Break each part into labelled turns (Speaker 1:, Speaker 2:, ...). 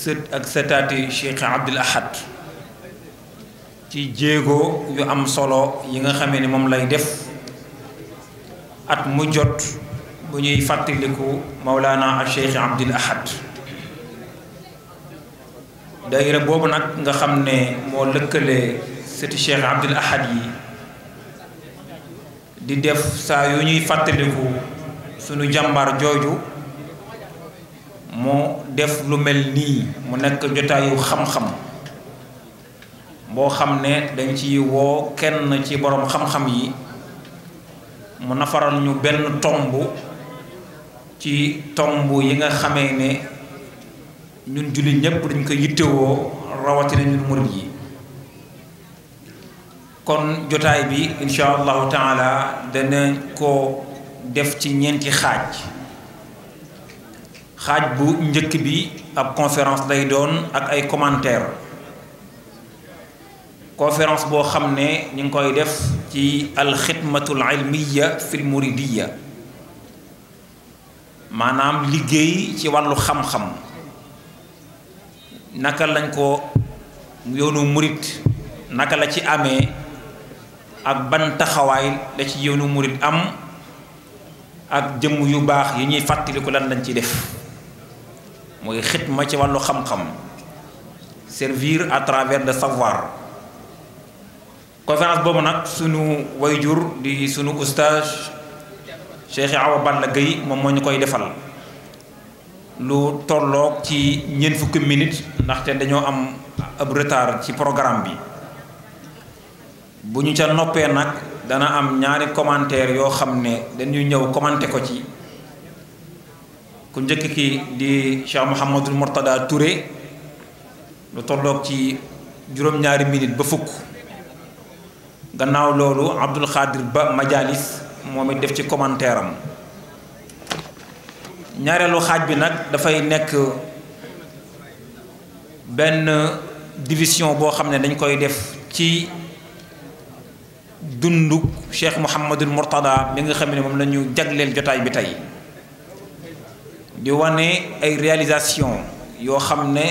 Speaker 1: sët ak sëtaati Cheikh Abdul Ahad ci jéego yu am solo yi nga xamee ni moom lay def at mu jot bu ñuy fàttaliku Mawlana ak Cheikh Abdul Ahad daayira boobu nag nga xam ne moo lëkkale sëti Cheikh Abdul Ahad yi di def saa yu ñuy fàttaliku sunu jàmbaar jooju mu def lu mel nii mu nekk jotaayu xam-xam boo xam ne dañ ci woo kenn ci boroom xam-xam yi mu nafaral ñu benn tomb ci tomb yi nga xamee ne ñun julli ñépp dañ ko yittewoo rawatina ñun murid yi kon jotaay bi insha allahu taala dana ko def ci ñeenti xaaj xaaj bu njëkk bi ab conférence lay doon ak ay commentaire conférence boo xam ne ñu ngi koy def ci alxidmatul ilmiya fil muridiya maanaam liggéey ci wàllu xam-xam naka lañ ko yoonu murid naka la ci amee ak ban taxawaay la ci yoonu murid am ak jëmm yu baax yi ñuy fàttaliku lan lañ ci def mooy ma ci wàllu xam-xam servir à travers de savoir conférence boobu nag suñu sunu jur di suñu oustage Cheikh Awa Balla Gueye moom moo ñu koy defal lu tolloog ci ñeent fukki minutes ndaxte dañoo am ab retard ci programme bi bu ñu ca noppee nag dana am ñaari commentaire yoo xam ne dañuy ñëw commenté ko ci ku njëkk ki di Cheikh Mouhamadul Mourtada ture lu tollook ci juróom-ñaari minute ba fukk gannaaw loolu Abdul Xaadir Ba Majalis moom it def ci commentaire ñaareelu xaaj bi nag dafay nekk benn division boo xam ne dañ koy def ci dundu Cheikh Mouhamadul Mourtada mi nga xam ne moom lañu ñu jagleel jotaay bi tey di wane ay réalisation yoo xam ne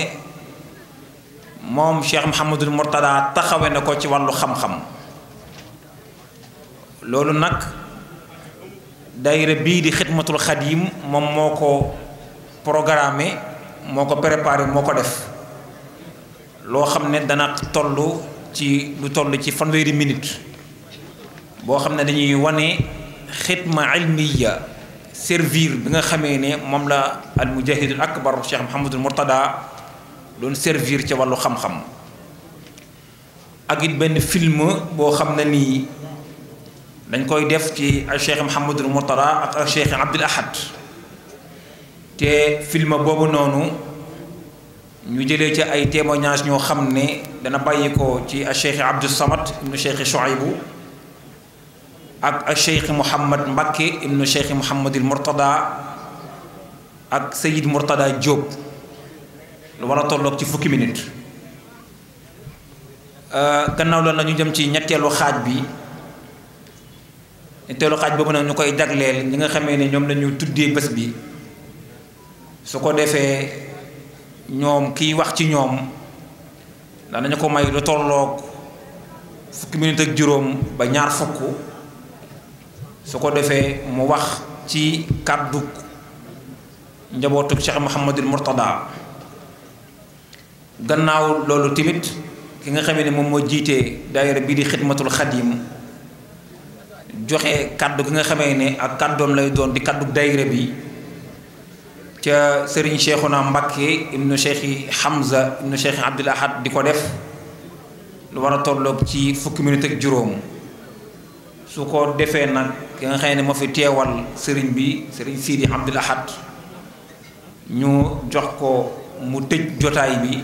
Speaker 1: moom Cheikh Mouhamadul Mourtada taxawe na ko ci wàllu xam-xam loolu nag daayira bii di xidmatul xadim moom moo ko programmé moo ko préparé moo ko def loo xam ne dana tollu ci lu toll ci fanweeri minute boo xam ne dañuy wane xidma ilmiya servir bi nga xamee ni moom la al mujahidul akbar cheikh Mouhamadul Mourtada doon servir ci wàllu xam-xam ak it benn film boo xam ne nii dañ koy def ci al cheikh Mouhamadul Mourtada ak al cheikh Abdul Ahad te film boobu noonu ñu jëlee ci ay témoignages ñoo xam ne dana bàyyi ko ci al cheikh Abdou Samad ibnu cheikh Chouaïbou ak Cheikh Mouhamad Mbakke ibnu Cheikh Mouhamadul Mourtada ak Seyid Mourtada jóob lu war a tolloog ci fukki minute euh, gannaaw loolu nañu jëm ci ñetteelu xaaj bi ñetteelu xaaj boobu nag ñu koy jagleel ñi nga xamee ni ñoom lañu tuddee bés bi su ko defee ñoom kiy wax ci ñoom danañu ko may lu tolloog fukki minute ak juróom ba ñaar fukk su ko defee mu wax ci kàddu njabootu Cheikh Mouhamadul Mourtada gannaaw loolu tamit ki nga xame ne moom moo jiitee daayira bii di xidmatul xadim joxe kàddu gi nga xamee ni ak kàddoom lay doon di kàddu daayira bi ca sëriñ Cheikhouna Mbacké ibnu Cheikh Hamza nu Cheikh Abdoul Ahad di ko def lu war a tolloog ci fukki minute ak juróom su ko defee nag ki nga xam ne moo fi teewal sëriñ bi sëriñ Sidi Abdul Ahad ñu jox ko mu tëj jotaay bi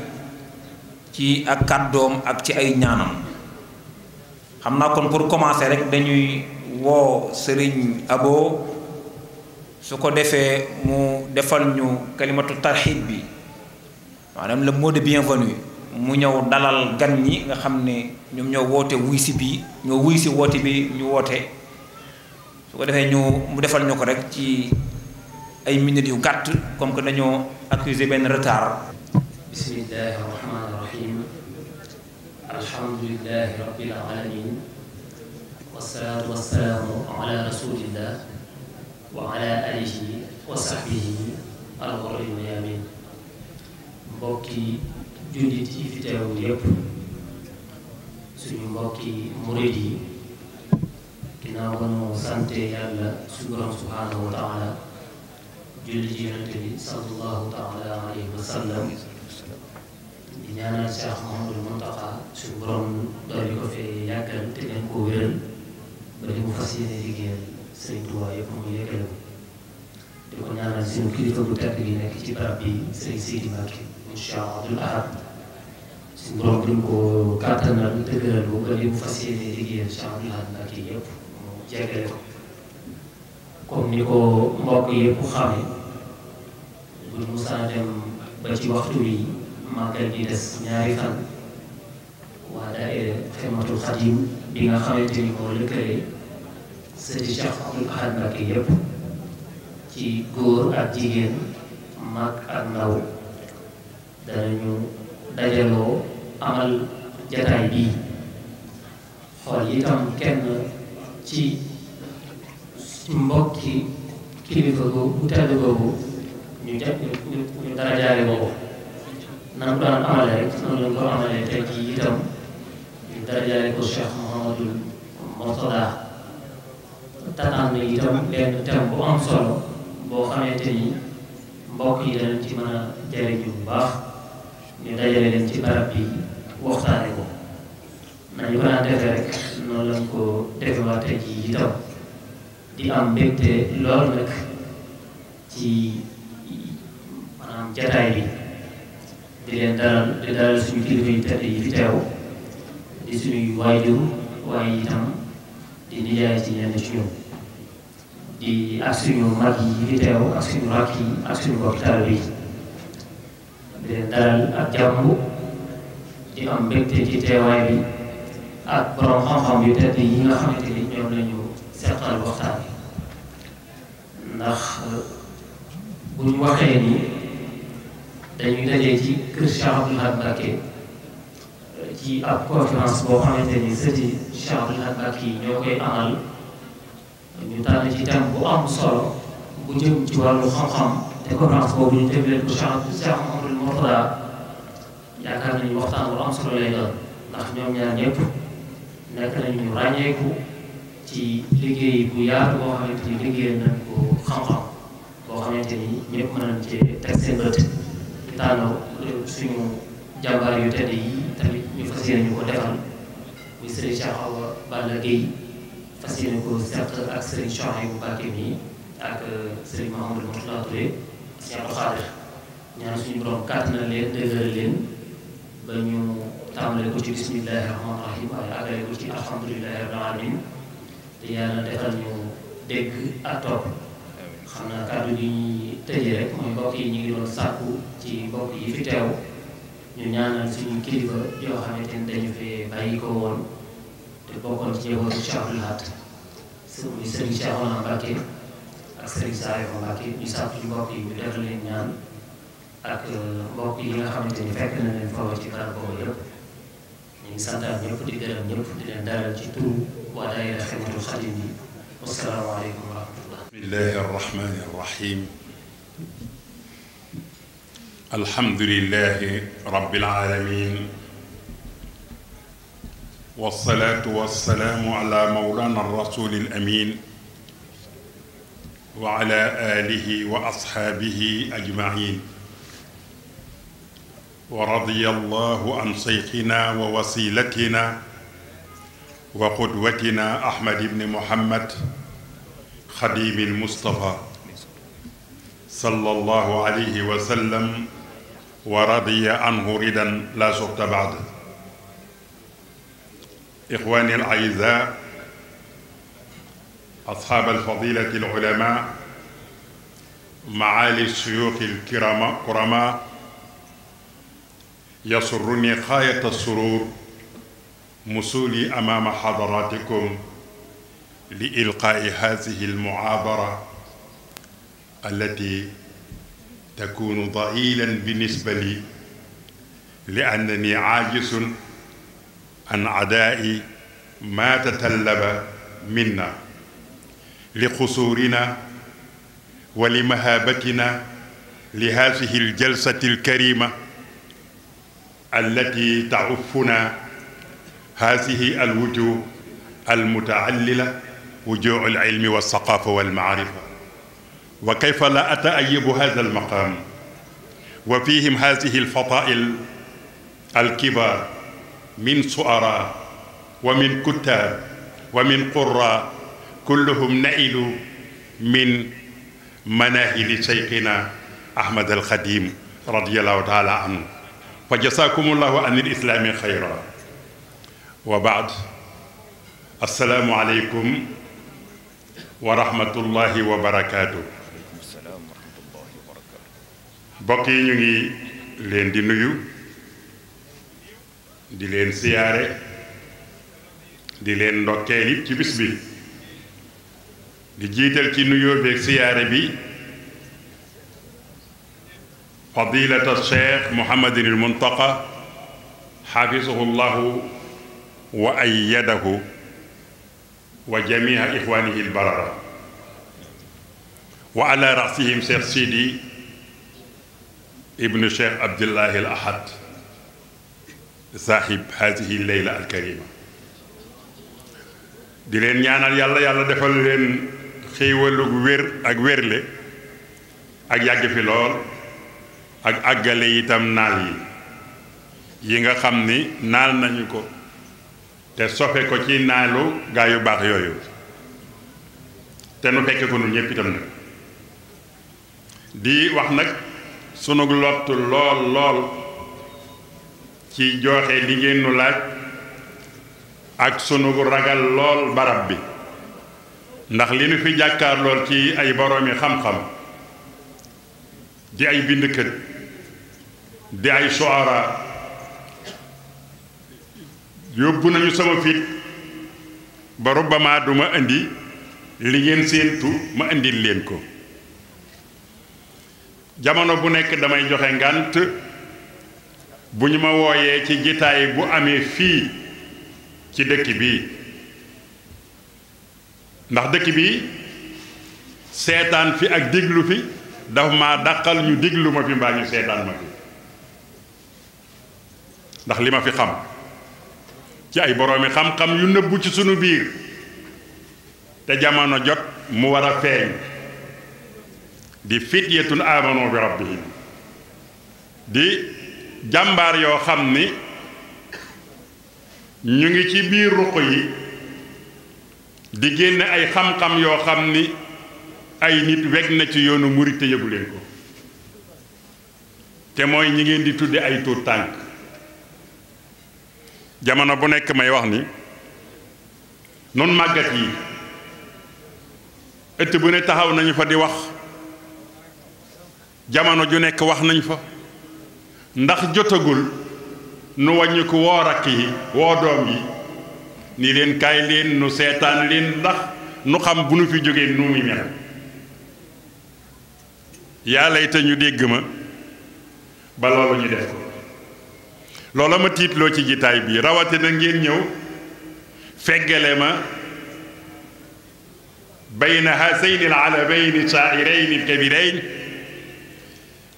Speaker 1: ci ak kàddoom ak ci ay ñaanam xam naa kon pour commencer rek dañuy woo sëriñ Abo su ko defee mu defal ñu kalimatu tarxiit bi maanaam le mot de bienvenue mu ñëw dalal gan ñi nga xam ne ñoom ñoo woote wuy si bii ñoo wuy si woote bi ñu woote su ko defee ñu mu defal ñu ko rek ci ay minutes yu gàtt comme que dañoo accusé benn retard bismillahi rahmani rahim
Speaker 2: alamin wasalaatu wasalaamu wa ala alihi wa sahbihi al-ghurri al-yamin mbokk jullit yi fi teew yépp suñu mbokki murid yi ginnaaw ba sante yàlla suñu borom subhaanahu wa taala julli ci yonent bi sallallahu taala borom dool yi ko fee yàggal te leen ko wéral ba li mu fas yéene liggéeyal Sëriñ Tuubaa yépp mu yëkkale di ko ñaanal suñu kilifa bu tedd gi nekk ci barab bi Sëriñ Sidi Mbacke incha allah suñu borom gën koo kàttanal dëgëral ko ba li mu fas yéene liggéeyal Cheikh Abdoul Ahad Mbacké yëpp mu jegale ko comme ni ko mbokk yëpp xame bu mu saa dem ba ci waxtu bi màggal bi des ñaari fan waa daayira Xidmatul Xadim bi nga xamante ni moo lëkkale sëti Cheikh Abdoul Ahad Mbacké yëpp ci góor ak jigéen mag ak ndaw danañu dajaloo amal jataay bii xool itam kenn ci mbokki kilifa googu bu tedd googu ñu ja ñu dara jaare boobu na mu daan amale rek noonu lañ ko amalee tey jii itam ñu dara jaare ko Cheikh Mouhamadul Mortada tataan na itam benn thème bu am solo boo xamante ni mbokk yi danañ ci mën a jariñu bu baax ñu dajale leen ci barab bi waxtaane ko nañu ko daan defee rek noonu lañ ko defewaat tey jii itam di am mbégte lool nag ci maanaam jataay bi di leen dalal di dalal suñu kilifa yu tedd yi fi teew di suñuy waajur waaye itam di nijaay ci ñenn ci di ak suñu mag yi fi teew ak suñu rakk yi ak suñu mbokk taalibe di leen dalal ak jàmm di am mbégte ci teewaay bi ak borom xam-xam yu tedd yi nga xamante ni ñoom lañu seqal waxtaan bi ndax euh, bu ñu waxee ni dañuy dajee ci kër Cheikh Abdoul Ahad Mbacké euh, ci ab conférence boo xamante ni sëti Cheikh Abdoul Ahad Mbacké yi ñoo koy amal ñu tànn ci thème bu am solo bu jëm ci wàllu xam-xam te conférence boobu ñu jagleel ko Cheikh Cheikh Murtada yaakaar nañu waxtaan bu am solo lay doon ndax ñoom ñaar ñëpp nekk nañu ràññeeku ci liggéey bu yaatu boo xamante ni liggéey nañ ko xam-xam boo xamante ni ñëpp mën nañ cee teg seen bët di tànnoo suñu jàmbaar yu tedd yi tamit ñu fas yéene ko defal muy Serigne Cheikh Awa Balla Gueye fas yéene ko seq ak Serigne Cheikh Awa Mbacke mi ak Serigne Mahamadou Mourtada Touré Cheikh Xaadir ñaan suñu borom kàttanal leen dëgëral leen ba ñu tàmbale ko ci bismillahi rahmaani rahim waaye àggale ko ci alhamdulilahi rabbil alamin te yàlla defal ñu dégg ak topp xam naa kàddu gi ñuy tëjee rek mooy mbokk yi ñu ngi doon sàkku ci mbokk yi fi teew ñu ñaanal suñu kilifa yoo xamante ni dañu fee bàyyi ko woon te bokkoon ci njabootu Cheikh Abdou Lahad muy sëriñ Cheikhouna Mbacké ak sëriñ Saliou Mbacké ñu sàkku ci mbokk yi ñu defal leen ñaan ak euh, mbokk yi nga xamante ni fekk na leen foofu ci barab boobu yëpp ñu ngi santaat ñëpp di gërëm ñëpp di leen dalal ci turu waa daayira Xidmatul Xadim yi wassalaamu aleykum wa
Speaker 3: rahmatullah bismillahi arrahmani arrahim alhamdulilahi rabbil alamin wasalaatu wasalaamu ala mawlaana rasuuli l-amiin wa ala aalihi wa asxaabihi ajmaïn ورضي الله عن شيخنا ووسيلتنا وقدوتنا أحمد بن محمد خديم المصطفى صلى الله عليه وسلم ورضي عنه ردا لا شرط بعد إخواني الأعزاء أصحاب الفضيلة العلماء معالي الشيوخ الكرماء يسرني غاية السرور مسولي أمام حضراتكم لإلقاء هذه المعابرة التي تكون ضئيلا بالنسبة لي لأنني عاجز عن عداء ما تتلب منا لقصورنا ولمهابتنا لهذه الجلسة الكريمة التي تعفنا هذه الوجوه المتعللة وجوه العلم والثقافة والمعرفة وكيف لا أتأيب هذا المقام وفيهم هذه الفضائل الكبار من سؤراء ومن كتاب ومن قراء كلهم نئلوا من مناهل شيخنا أحمد الخديم رضي الله تعالى عنه fa jasakumullahu an il islaami xayra wa baad assalaamu aleykum wa rahmatullahi wa barakaatu bokk yi ñu ngi leen di nuyu di leen siyaare di leen ndokkeel it ci bis di jiital ci nuyoo beeg siyaare bi fadilata cheikh muhammadin il muntaqa xafisahu llahu wa ayyadahu wa jamiha ixwanihi albarara wa ala rasihim cheikh sidi ibnu cheikh abdullahi al ahad saaxib haadihi leyla alkarima di leen ñaanal yàlla yàlla defal leen xéewalug wér ak wérle ak yàgg fi lool ak àggale itam naal yi yi nga xam ni naal nañu ko te sofe ko ci naalu gaa yu baax yooyu te nu fekke ko nu ñëpp itam nag di wax nag sunu lottu lool lool ci joxe li ngeen nu laaj ak sunu ragal lool barab bi ndax li nu fi jàkkaar lool ci ay boroomi xam-xam di ay bindkat di ay suara yóbbu nañu sama fit ba rubbama du ma indi li ngeen séentu ma indil leen ko jamono bu nekk damay joxe ngànt bu ñu ma wooyee ci jitaay bu amee fii ci dëkk bi ndax dëkk bi seetaan fi ak diglu fi dafa ma dàqal ñu diglu ma fi mbaa ñu seetaan ma fi ndax li ma fi xam ci ay boroomi xam-xam yu nëbbu ci sunu biir te jamono jot mu war a feeñ di fityatun amanu bi rabbihim di jàmbaar yoo xam ni ñu ngi ci biir ruq yi di génne ay xam-xam yoo xam ni ay nit weg na ci yoonu murit te yëgu leen ko te mooy ñu ngeen di tudde ay tuur tànk jamono bu nekk may wax ni noon màggat yi ëtt bu ne taxaw nañu fa di wax jamono ju nekk wax nañ fa ndax jotagul nu wàññi ko woo rakk yi woo doom yi nii leen kaay leen nu seetaan leen ndax nu xam bu nu fi jógee nu muy mel yàlla te ñu dégg ma ba ñu def ko loola ma tiitloo ci jitaay bi rawatina ngeen ñëw feggale ma bayna hasayn al alabayn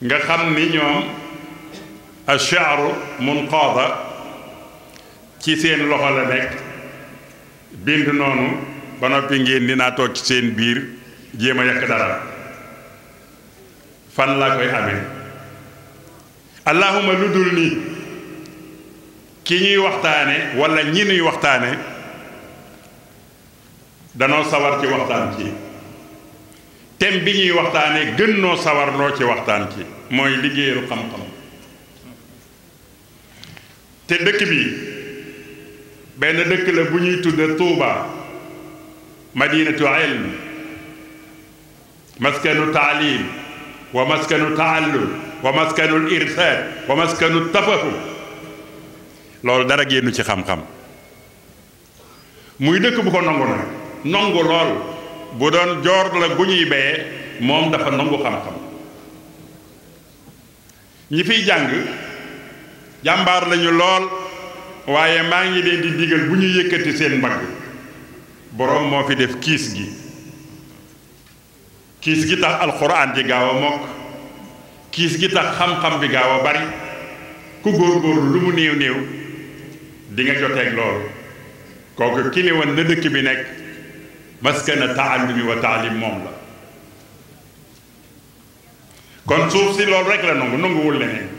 Speaker 3: nga xam ni ñoom ashaaru munqaada ci seen loxo la nekk bind noonu ba noppi ngeen dinaa toog ci seen biir jéem a yàq dara lu dul nii ci ñuy waxtaane walla ñi ñuy waxtaane danoo sawar ci waxtaan ci thème bi ñuy waxtaane gën noo sawarloo ci waxtaan ci mooy liggéeyal xam-xam te dëkk bi benn dëkk la bu ñuy tudde Tuuba madinatu maskanu taalim wa maskanu taallum wa maskanu irsaad wa maskanu tafahum loolu dara génnu ci xam-xam muy dëkk bu ko nangu nag nangu lool bu doon joor la gu ñuy beye moom dafa nangu xam-xam ñi fiy jàng jàmbaar lañu lool waaye maa ngi leen di digal bu ñu yëkkati seen mbagg boroom moo fi def kiis gi kiis gi tax alxuraan ji gaaw a mokk kiis gi tax xam-xam bi gaaw a bari ku góorgóorlu lu mu néew néew di nga joteeg loolu kooku ki woon na dëkk bi nekk maskana taallumi wa taalim moom la kon suuf si loolu rek la nangu nanguwul leneen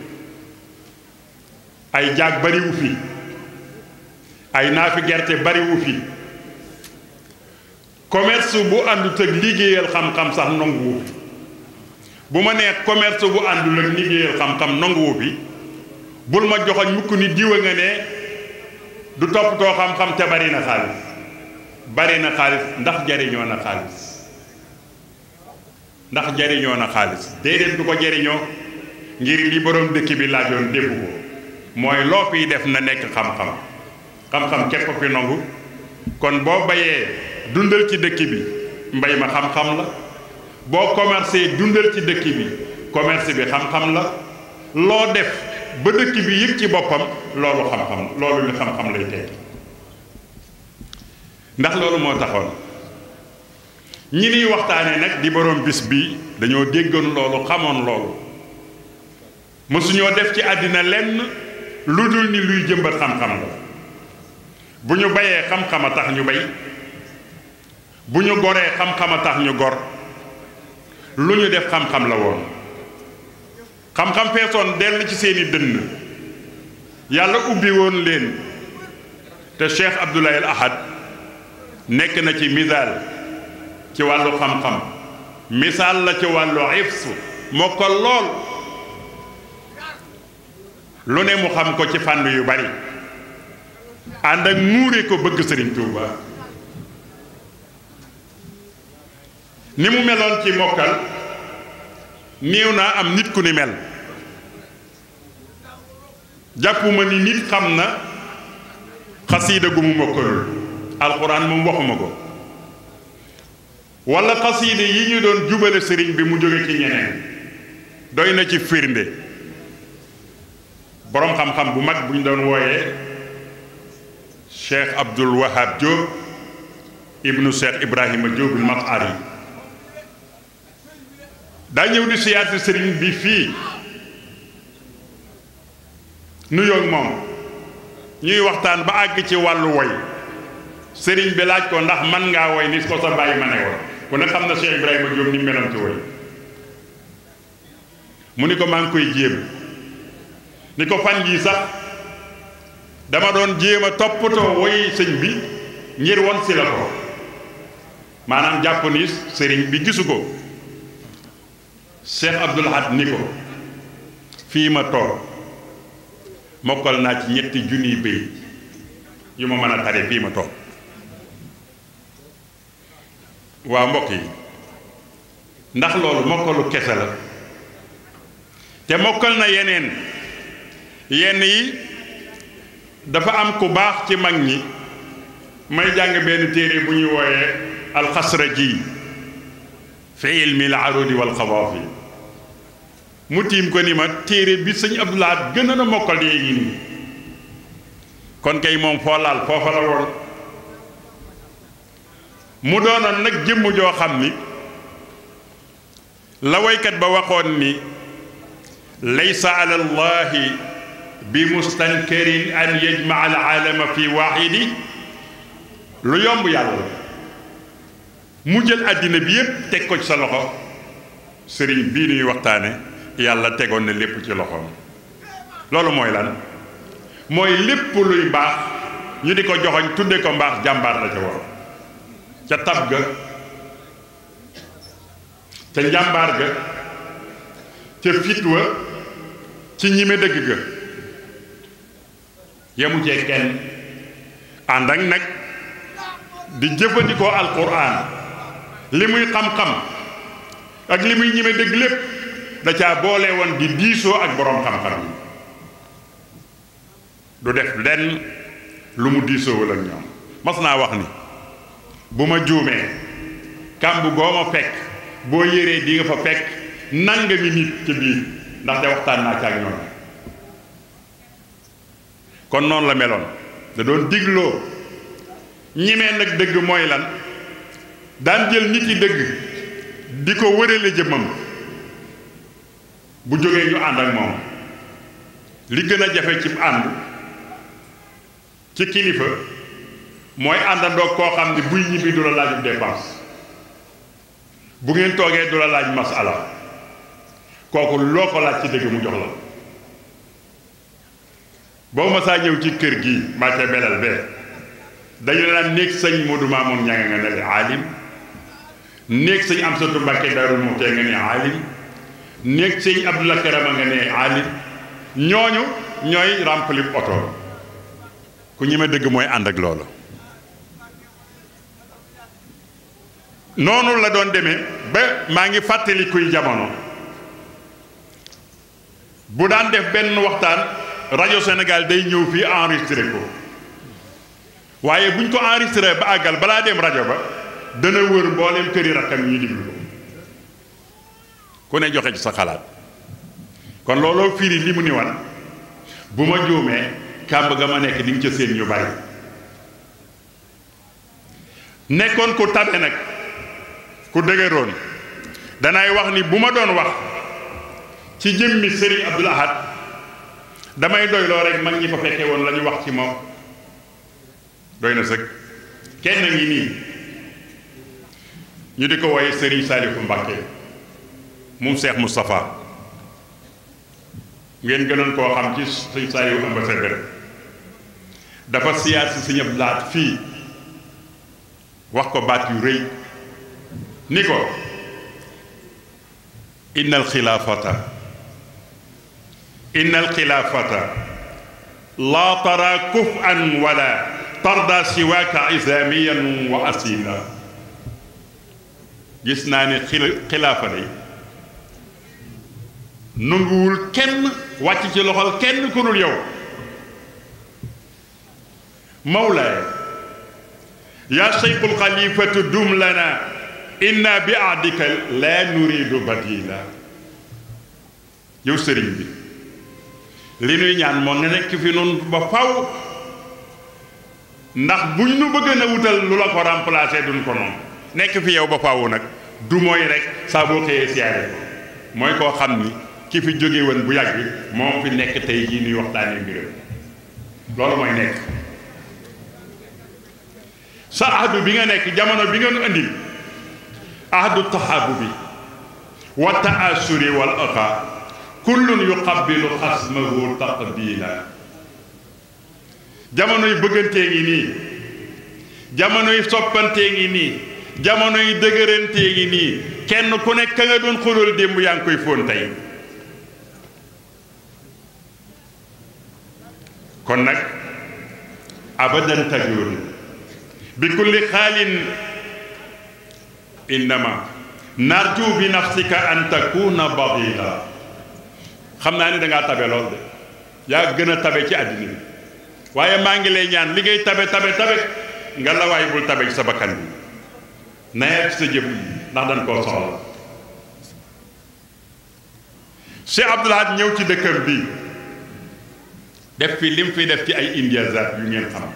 Speaker 3: ay jaag bariwu fi ay naafi gerte bariwu fi commerce bu àndut ak liggéeyal xam-xam sax nanguwu fi bu ma nee commerce bu àndul ak liggéeyal xam-xam nanguwu fi bul ma joxoñ mukk ni diwa nga ne du toppatoo xam-xam te bari na xaalis bari na xaalis ndax jariñoo na xaalis ndax jariñoo na xaalis déedéet du ko jariñoo ngir li borom dëkk bi laajoon dégg ko mooy loo fiy def na nekk xam-xam xam-xam képp fi nangu kon boo bayee dundal ci dëkk bi mbay ma xam-xam la boo commercé dundal ci dëkk bi commerce bi xam-xam la loo def ba dëkk bi yëg ci boppam loolu xam-xam loolu li xam-xam lay teg ndax loolu moo taxoon ñi niy waxtaane nag di boroom bis bi dañoo déggoon loolu xamoon loolu mësuñoo def ci àddina lenn lu dul ni luy jëmbat xam-xam la bu ñu bayee xam-xam a tax ñu bay bu ñu goree xam-xam a tax ñu gor lu ñu def xam-xam la woon xam-xam feesoon dell ci seeni dënn yàlla ubbi woon leen te Cheikh Abdoulaye Ahad nekk na ci misaal ci wàllu xam-xam misaal la ci wàllu ifs moo lool lu ne mu xam ko ci fànn yu bari ànd ak muuree ko bëgg sëriñ Touba ni mu meloon ci mokkal néew naa am nit ku ni mel jàppuma ni nit xam na xasiida gu mu mokkalul alxuraan moom waxuma ko wala xasiida yi ñu doon jubale sëriñ bi mu jóge ci ñeneen doy na ci firnde boroom xam-xam bu mag bu ñu doon wooyee cheikh abdul wahab Diop ibnu cheikh ibrahima Diop al-Mat'ari daa ñëw di siyaasi sëriñ bi fii nuyoog moom ñuy waxtaan ba àgg ci wàllu woy sëriñ bi laaj ko ndax man ngaa woy ni ko ma ne woon ku ne xam na Cheikh Ibrahima Diop ni melam ci woy mu ni ko maa ngi koy jéem ni ko fan yii sax dama doon jéem a toppatoo woy sëñ bi ngir won si la ko maanaam jàpp ni sëriñ bi gisu ko Cheikh Abdoul Ahad ni ko fii ma toog mokkal naa ci ñetti junniy béy yu ma mën a tari bii ma toog waa mbokk yi ndax loolu mokkalu kese la te mokkal na yeneen yenn yi dafa am ku baax ci mag ñi may jàng benn téere bu ñuy wooyee alxasra ji fi ilmi al arudi wal xawaafi mu tiim ko ni ma téere bi sëñ Abdou Lahad gën a na mokkal léegi nii kon kay moom foo foofa la woon mu doonoon nag jëmm joo xam ni la woykat ba waxoon ni laysa ala llahi bi mustankarin an yajmaa al aalama fi waxidi lu yomb yàlla mu jël àddina bi yépp teg ko ci sa loxo sëriñ bii nuy waxtaane yàlla tegoon na lépp ci loxoom loolu mooy lan mooy lépp luy baax ñi di ko joxoñ tudde ko mbaax jàmbaar la ca waroon ca tab ga ca njàmbaar ga ca fit ci ñime dëgg ga yemu cee kenn ànd ak nag di jëfandikoo alquran li muy xam-xam ak li muy ñime dëgg lépp da caa boole woon di diisoo ak boroom xam-xam yi du def lenn lu mu diisoowul ak ñoom mas naa wax ni bu ma juumee kàmb goo ma fekk boo yéree di nga fa fekk nangami nit ci biir ndaxte waxtaan naa caag ñoom kon noonu la meloon da doon digloo ñimee nag dëgg mooy lan daan jël nit yi dëgg di ko wërale jëmmam bu jógee ñu ànd ak moom li gën a jafe ci ànd ci kilifa mooy àndandoo koo xam ne buy ñibbi du la laaj dépense bu ngeen toogee du la laaj masala kooku loo ko laaj ci dëgg mu jox la boo ma saa ñëw ci kër gi maa ca belal bee dañu la naan néeg sëñ Modou Mamoun ñanga nga ne aalim néeg sëñ Amsatou Mbacké Darou Moukhty nga ne aalim néeg sëñ Abdoulaye Karama nga ne alim ñooñu ñooy remplir oto ku ñi ma dëgg mooy ànd ak loolu noonu la doon demee ba maa ngi fàttali kuy jamono bu daan def benn waxtaan rajo Sénégal day ñëw fii enregistré ko waaye buñ ko enregistré ba àggal balaa dem rajo ba dana wër mboolem këri rakkam ñu diglu ko ku ne joxe ci sa xalaat kon looloo firi li mu ni wan bu ma juumee kàmb ga ma nekk di ca séen yu bari nekkoon ku tabe nag ku dëgëroon danay wax ni bu ma doon wax ci jëmmi Serigne Abdoul Ahad damay doyloo rek mag ñi fa fekke woon la wax ci moom doy na sëg kenn ngi nii ñu di ko woye Serigne Salifou Mbacké mu Cheikh Moustapha ngeen gënoon koo xam ci suñ saa dafa si ñëpp laat fii wax ko baat yu rëy ni ko innal xilaafata innal xilaafata laa tara kuf'an wala tarda siwaaka islaamiyan wa asila gis naa ne xilaafa day nanguwul kenn wàcc ci loxol kenn ku dul yow mawlaaya yaa seyxul xalifatu dum lana inna bi ahdika laa nuridu badila yow sëriñ bi li nuy ñaan moo nga nekk fi noonu ba faw ndax buñ nu bëgg na wutal lu la ko remplacer duñ ko noonu nekk fi yow ba faw nag du mooy rek saa boo xëyee siyaare mooy koo xam ni ki fi jóge bu yàgg moom fi nekk tey jii nuy waxtaanee mbiram loolu mooy nekk sa ahdu bi nga nekk jamono bi nga nu andil ahdu taxaabu bi wa taasuri wal aqa kullun yuqabbilu xasmahu taqbila jamono yu bëggantee ngi nii jamono yu soppantee ngi nii jamono yu dëgërantee ngi nii kenn ku nekk ka nga doon xulul démb yaa ngi koy fóon tey kon nag abadan tajur bi kulli xaalin innama narju bi nafsika an takuna badila xam naa ni dangaa tabe lool de yaa gën a tabe ci àddina bi waaye maa ngi lay ñaan liggéey ngay tabe tabe tabe nga la waay bul tabe sa bakkan bi nawet sa jëf ndax dañ koo soxla Cheikh Abdoul Ahad ñëw ci dëkkam bii def fi lim fi def ci ay indiasat yu ngeen xam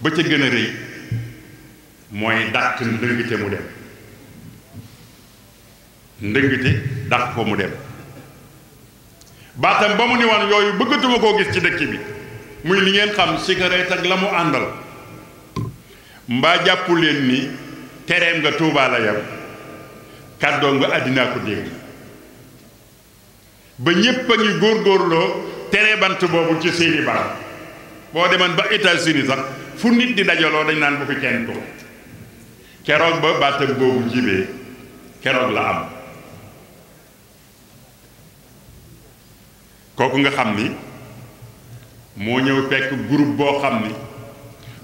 Speaker 3: ba ca gën a rëy mooy dàq ndëngite mu dem ndëngite dàq ko mu dem baatam ba mu ni woon yooyu bëggatuma koo gis ci dëkk bi muy li ngeen xam cigarette ak la mu àndal mbaa jàppu leen ni tereem nga tuubaala yam kàddoom nga àddinaa ko dégg ba ñépp a ngi góorgóorloo tere bant boobu ci seeni barab boo demoon ba États-Unis sax fu nit di dajaloo dañ naan bu fi kenn ko keroog ba baatam boobu jibee keroog la am kooku nga xam ni moo ñëw fekk groupe boo xam ni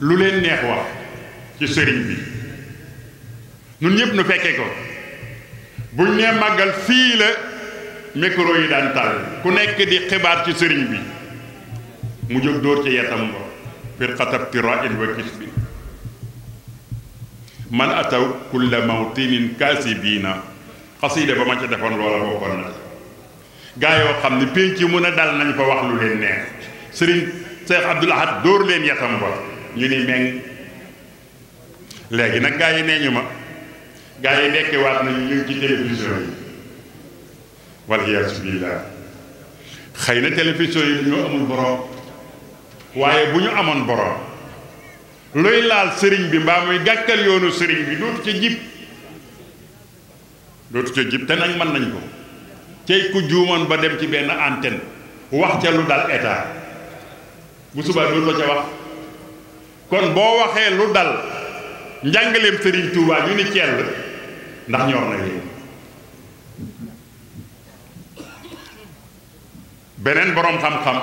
Speaker 3: lu leen neex wax ci sëriñ bi ñun ñëpp nu fekkee ko buñ nee màggal fii la micro yi daan taal ku nekk di xibaar ci sëriñ bi mu jóg dóor ci yetam ba firqatab tirain wa kis bi man ataw kulla mawtinin kaasibiina xasida ba ma ca defoon loola bokkoon na gaa yoo xam ni ne ci mën a dal nañ fa wax lu leen neex sëriñ Seex Abdul Ahad dóor leen yetam ba ñu ni meng léegi nag gaa yi nee ñu ma gaa yi nekkewaat nañu ñu ngi ci télévision yi wal iyaasu billaah na télévision yi ñoo amul borom waaye bu ñu amoon borom luy laal sëriñ bi mbaa muy gàkkal yoonu sëriñ bi dootu ca jib te nag mën nañ ko cey ku juumoon ba dem ci benn antenne wax ca lu dal état bu subaa dootu ko ca wax kon boo waxee lu dal njàngaleem sëriñ Touba ñu ni cell ndax ñor na leen beneen boroom xam-xam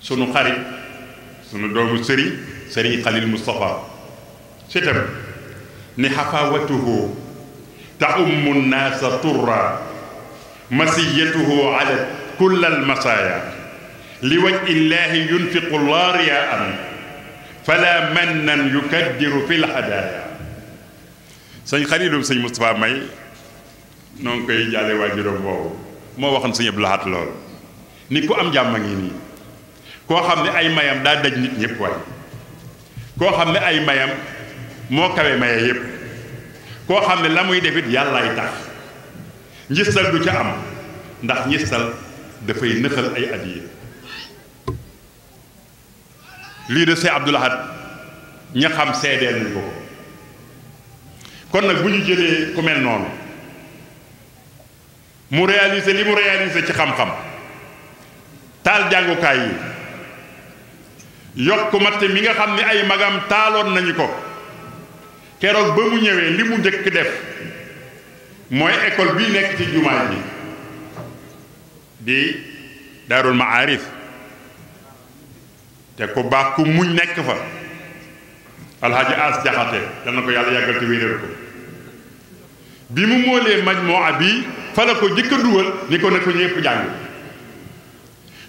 Speaker 3: sunu xarit sunu doomu sëriñ sëriñ xalil mustapha sitam ni xafawatuhu taummu nnaasa turra masiyatuhu ala kull almasaaya li waj illaahi yunfiqu llaa riyaan fala mannan yukaddiru fi lhadaaya sëñ xalilum sëñ mustapha may noo ngi koy jàlle waajuram boobu moo waxoon sëñ Abdou Lahad lool ni ku am jàmm ngi nii koo xam ne ay mayam daa daj nit ñëpp waay koo xam ne ay mayam moo kawe maye yëpp koo xam ne la muy defit yàllaay tax njistal du ca am ndax njistal dafay nëxal ay addiya lii de sëñ Abdou Lahad ña xam seedeel nañ ko kon nag bu ñu jëlee ku mel noonu mu réaliser li mu réaliser ci xam-xam taal jàngukaay yi yokk matte mi nga xam ni ay magam taaloon nañu ko keroog ba mu ñëwee li mu njëkk def mooy école bi nekk ci jumaa ji di daarul maarif te ku baax ku muñ nekk fa alxaaji as jaxate dana ko yàlla yàggal te wéeral ko bi mu moolee majmua bi fa la ko jëkk a dugal ni ko ne ko ñëpp jàng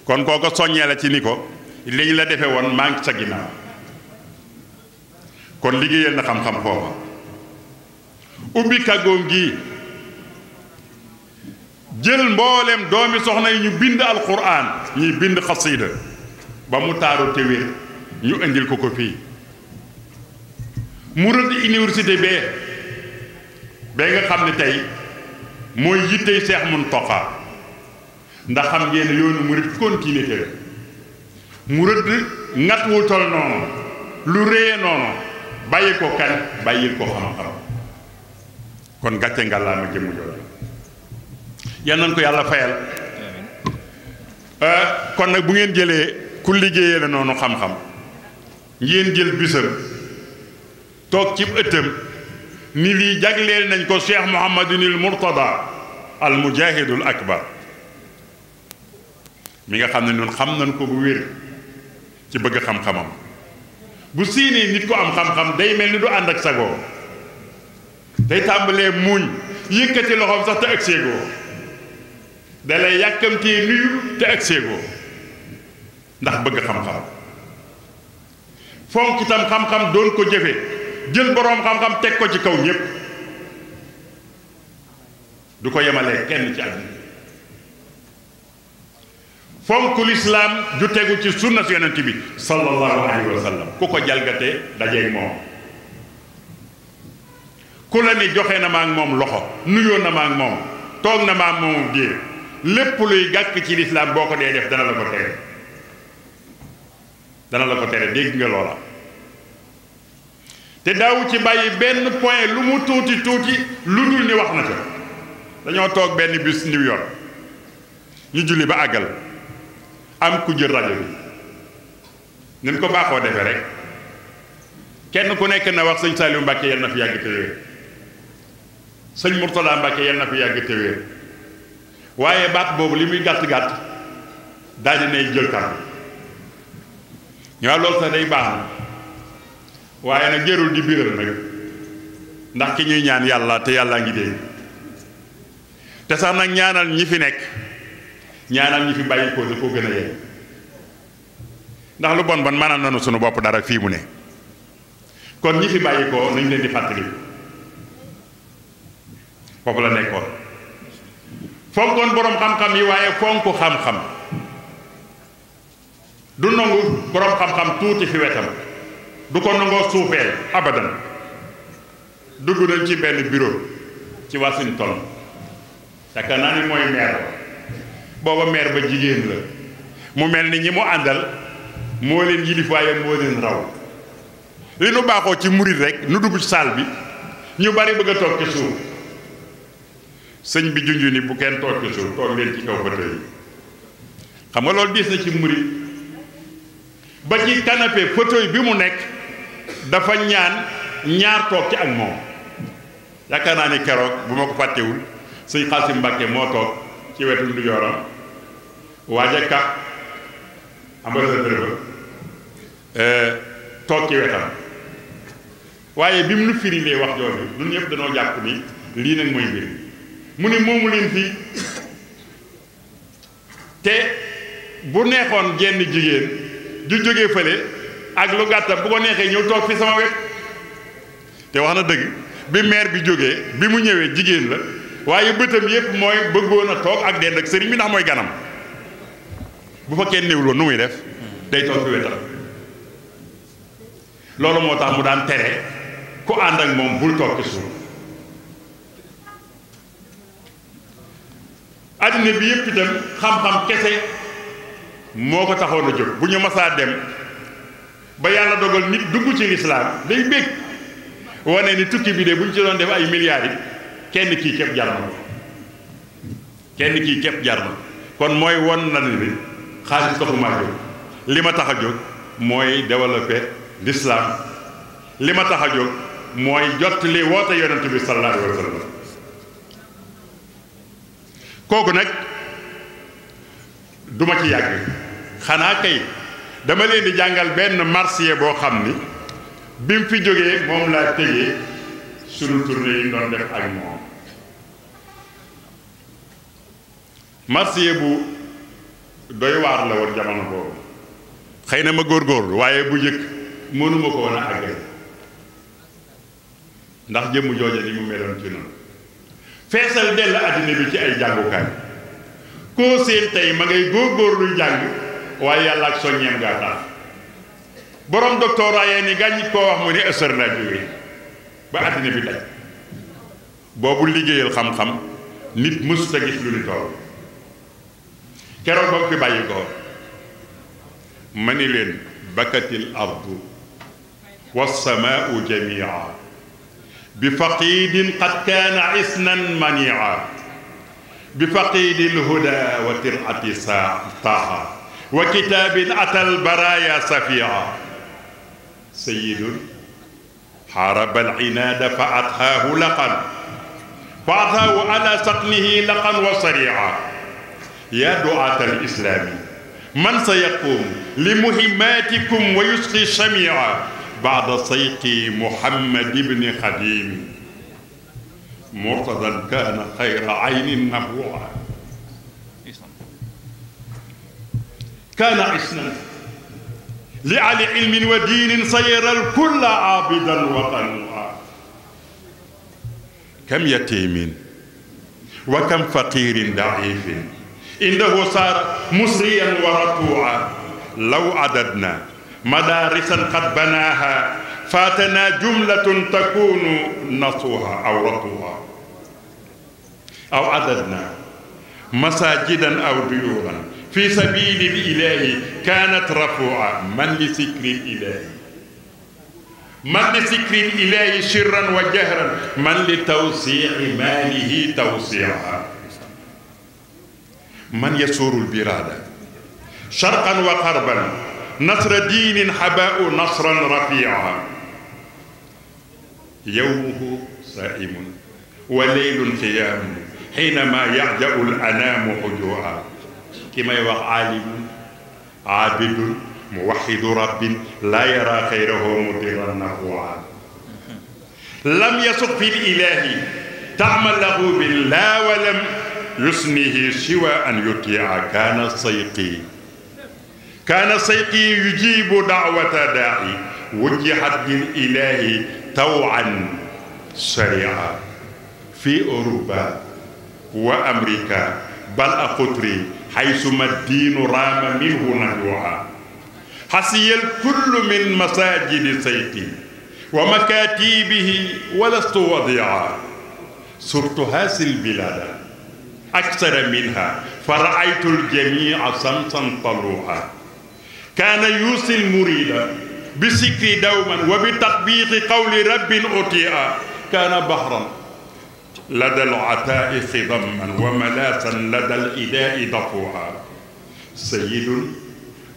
Speaker 3: kon kooko soññee la ci ni ko li la defe woon maa ngi sa ginnaaw kon liggéeyal na xam-xam foofa ubbi kàggoom gi jël mboolem doomi soxna yi ñu bind alquran ñuy bind xasida ba mu taaru te wér ñu indil ko ko fii mu rëdd université bee ba nga xam ne tey mooy yittey Seex Muntaxa ndax xam ngeen yoonu murit continuité la mu rëdd ngat wu tol noonu lu rëye noonu bàyyi ko kan bàyyil ko xam-xam kon gàcce ngàllaa ma jëmu jooju yal nañ ko yàlla fayal euh, kon nag bu ngeen jëlee ku liggéeyee la noonu xam-xam ngeen jël bisam toog ci ëttam ni lii jagleel nañ ko cheikh mouhamadinil mourtada al mujahidul akbar mi nga xam ne ñun xam nañ ko bu wér ci bëgg xam-xamam bu siinee nit ko am xam-xam day mel ni du ànd ak sagoo day tàmbalee muuñ yëkkati loxoom sax te ak seegoo dalay yàkkamtee nuyu te ak seegoo ndax bëgg xam-xam fonk itam xam-xam doon ko jëfe jël boroom xam-xam teg ko ci kaw ñépp du ko yemalee kenn ci àddina fonk lislaam ju tegu ci sunna si yonent bi sallallahu alayhi wa sallam ku ko jalgatee dajeeg moom ku la ni joxe na ma ak moom loxo nuyoo na ma ak moom toog na ma ak moom lépp luy gàkk ci lislaam boo ko dee def dana la ko tere dana la ko tere dégg nga loola te daawu ci bàyyi benn point lu mu tuuti tuuti lu dul ni wax na ca dañoo toog benn bus New York ñu julli ba àggal am ku jël rajo bi ñu ko baaxoo defee rek kenn ku nekk na wax sëñ Saliou Mbacke yal na fi yàgg te wér sëñ Mourtala Mbacke yal na fi yàgg te waaye baat boobu li muy gàtt gàtt daal di nay jël kàddu ñu loolu sax day baax na waaye nag jërul di biral nag ndax ki ñuy ñaan yàlla te yàlla ngi dee te sax nag ñaanal ñi fi nekk ñaanal ñi fi bàyyi ko da gën a yey ndax lu bon bon maanaam nanu suñu bopp dara fii mu ne kon ñi fi bàyyi ko leen di fàttali foofu la nekkoon fonkoon boroom xam-xam yi waaye fonk xam-xam du nangu boroom xam-xam tuuti fi wetam du ko nangoo suufeel abadan dugg nañ ci benn bureau ci Washington yaakaar naa ni mooy maire booba maire ba jigéen la mu mel ni ñi mu àndal moo leen yilifaaye moo leen raw li nu baaxoo ci murit rek nu dugg ci saal bi ñu bari bëgg a toog ci suuf sëñ bi junj ni bu kenn toog ci suuf toog leen ci kaw fauteuil yi xam nga loolu diis na ci murit ba ci canapé fauteuil bi mu nekk dafa ñaan ñaar toog ci ak moom yaakaar naa ni keroog bu ma ko fàttewul sëñ Xaasim Mbàkke moo toog ci wetu ndu yooram waaja kax ambaraga dërëba euh, toog ci wetam waaye bi mu nu firilee wax jooju ñun ñëpp dañoo jàpp ni lii nag mooy mbir mu ne moomu leen fii te bu neexoon genn jigéen du jógee fële ak lu gàttam bu ko neexee ñëw toog fi sama wet te wax na dëgg bi maire bi jógee bi mu ñëwee jigéen la waaye bëtam yépp mooy bëggoon a toog ak dend ak sëriñ bi ndax mooy ganam bu fa kenn néewloo nu muy def day toog fi wetam loolu moo tax mu daan tere ku ànd ak moom bul toog ci suuf addina bi yépp itam xam-xam kese moo ko taxoon a jóg bu ñu masaa dem ba yàlla dogal nit dugg ci lislaam day bég wane ni tukki bi de buñ ci doon def ay milliards kenn kii képp jar na kenn kii kon mooy won na ni xaalis taxu maa li ma tax a jóg mooy développer l'islam li ma tax a jóg mooy jot li woote yonent bi sallallahu alayhi kooku nag duma ci yàgg xanaa kay dama leen di jàngal benn marsiye boo xam ni bi mu fi jógee moom laa tëjee sunu tournée yi doon def ak moom marsiye bu doy waar la woon jamono boobu xëy na ma góor góorgóorlu waaye bu jëkk mënuma ko woon a àggale ndax jëmm jooja ni mu meloon ci noonu feesal dell àddina bi ci ay jàngukaay koo seen tey ma ngay góorgóorluy jàng waaye yàlla ak soññeem gaa tax borom doctorat yee ni gàññit koo wax mu ne ësër laa jóge ba àddina bi daj boobu liggéeyal xam-xam nit mës sa gis lu ni tool keroog ba mu fi bàyyi ko ma ni leen bakatil ardu wasamaau jamia bi faqidin qad kaana isnan mania bi faqidil huda wa tirati saa taaha wa kitaabin atal baraaya safiya sayyidun xaaraba alcinaada fa adxaahu laqan fa adxaahu ala satnihi laqan wa sariica yaa ducaata alislaami man sayaquumu li muhimmaatikum wa yusqi samiica bacda sayqi muhammad ibni xadiimi murtadan kaana xayra aynin nabuuca كان عصنا لعلى علم ودين صير الكل عابدا وطنوا كم يتيم وكم فقير ضعيف عنده صار مسريا ورطوعا لو عددنا مدارسا قد بناها فاتنا جملة تكون نصوها أو رطوها أو عددنا مساجدا أو ديورا في سبيل الإله كانت رفوعا من لذكر الإله من لذكر الإله شرا وجهرا من لتوسيع ماله توسيعا من يسور البلاد شرقا وغربا نصر دين حباء نصرا رفيعا يومه صائم وليل قيام حينما يعجأ الأنام حجوعا ki may wax aalimun aabidun muwaxidu rabbin laa yara xayrahu mudiran nahwa lam yasuq fi lilahi taamalahu billaa walam yusnihi siwa an yutia kaana sayqi kaana sayqi yujibu daawata daai wujjihat min ilahi tawan saria fi Europa wa Amérique bal a xutri حيثما الدين رام منه نهوها حسي الكل من مساجد سيتي ومكاتيبه ولست وضيعا صرت هذه البلاد أكثر منها فرأيت الجميع سمسا طلوعا كان يوصي المريد بسكري دوما وبتطبيق قول رب أطيع كان بحرا لدى العتاء خضما وملاثا لدى الإداء ضفوعا سيد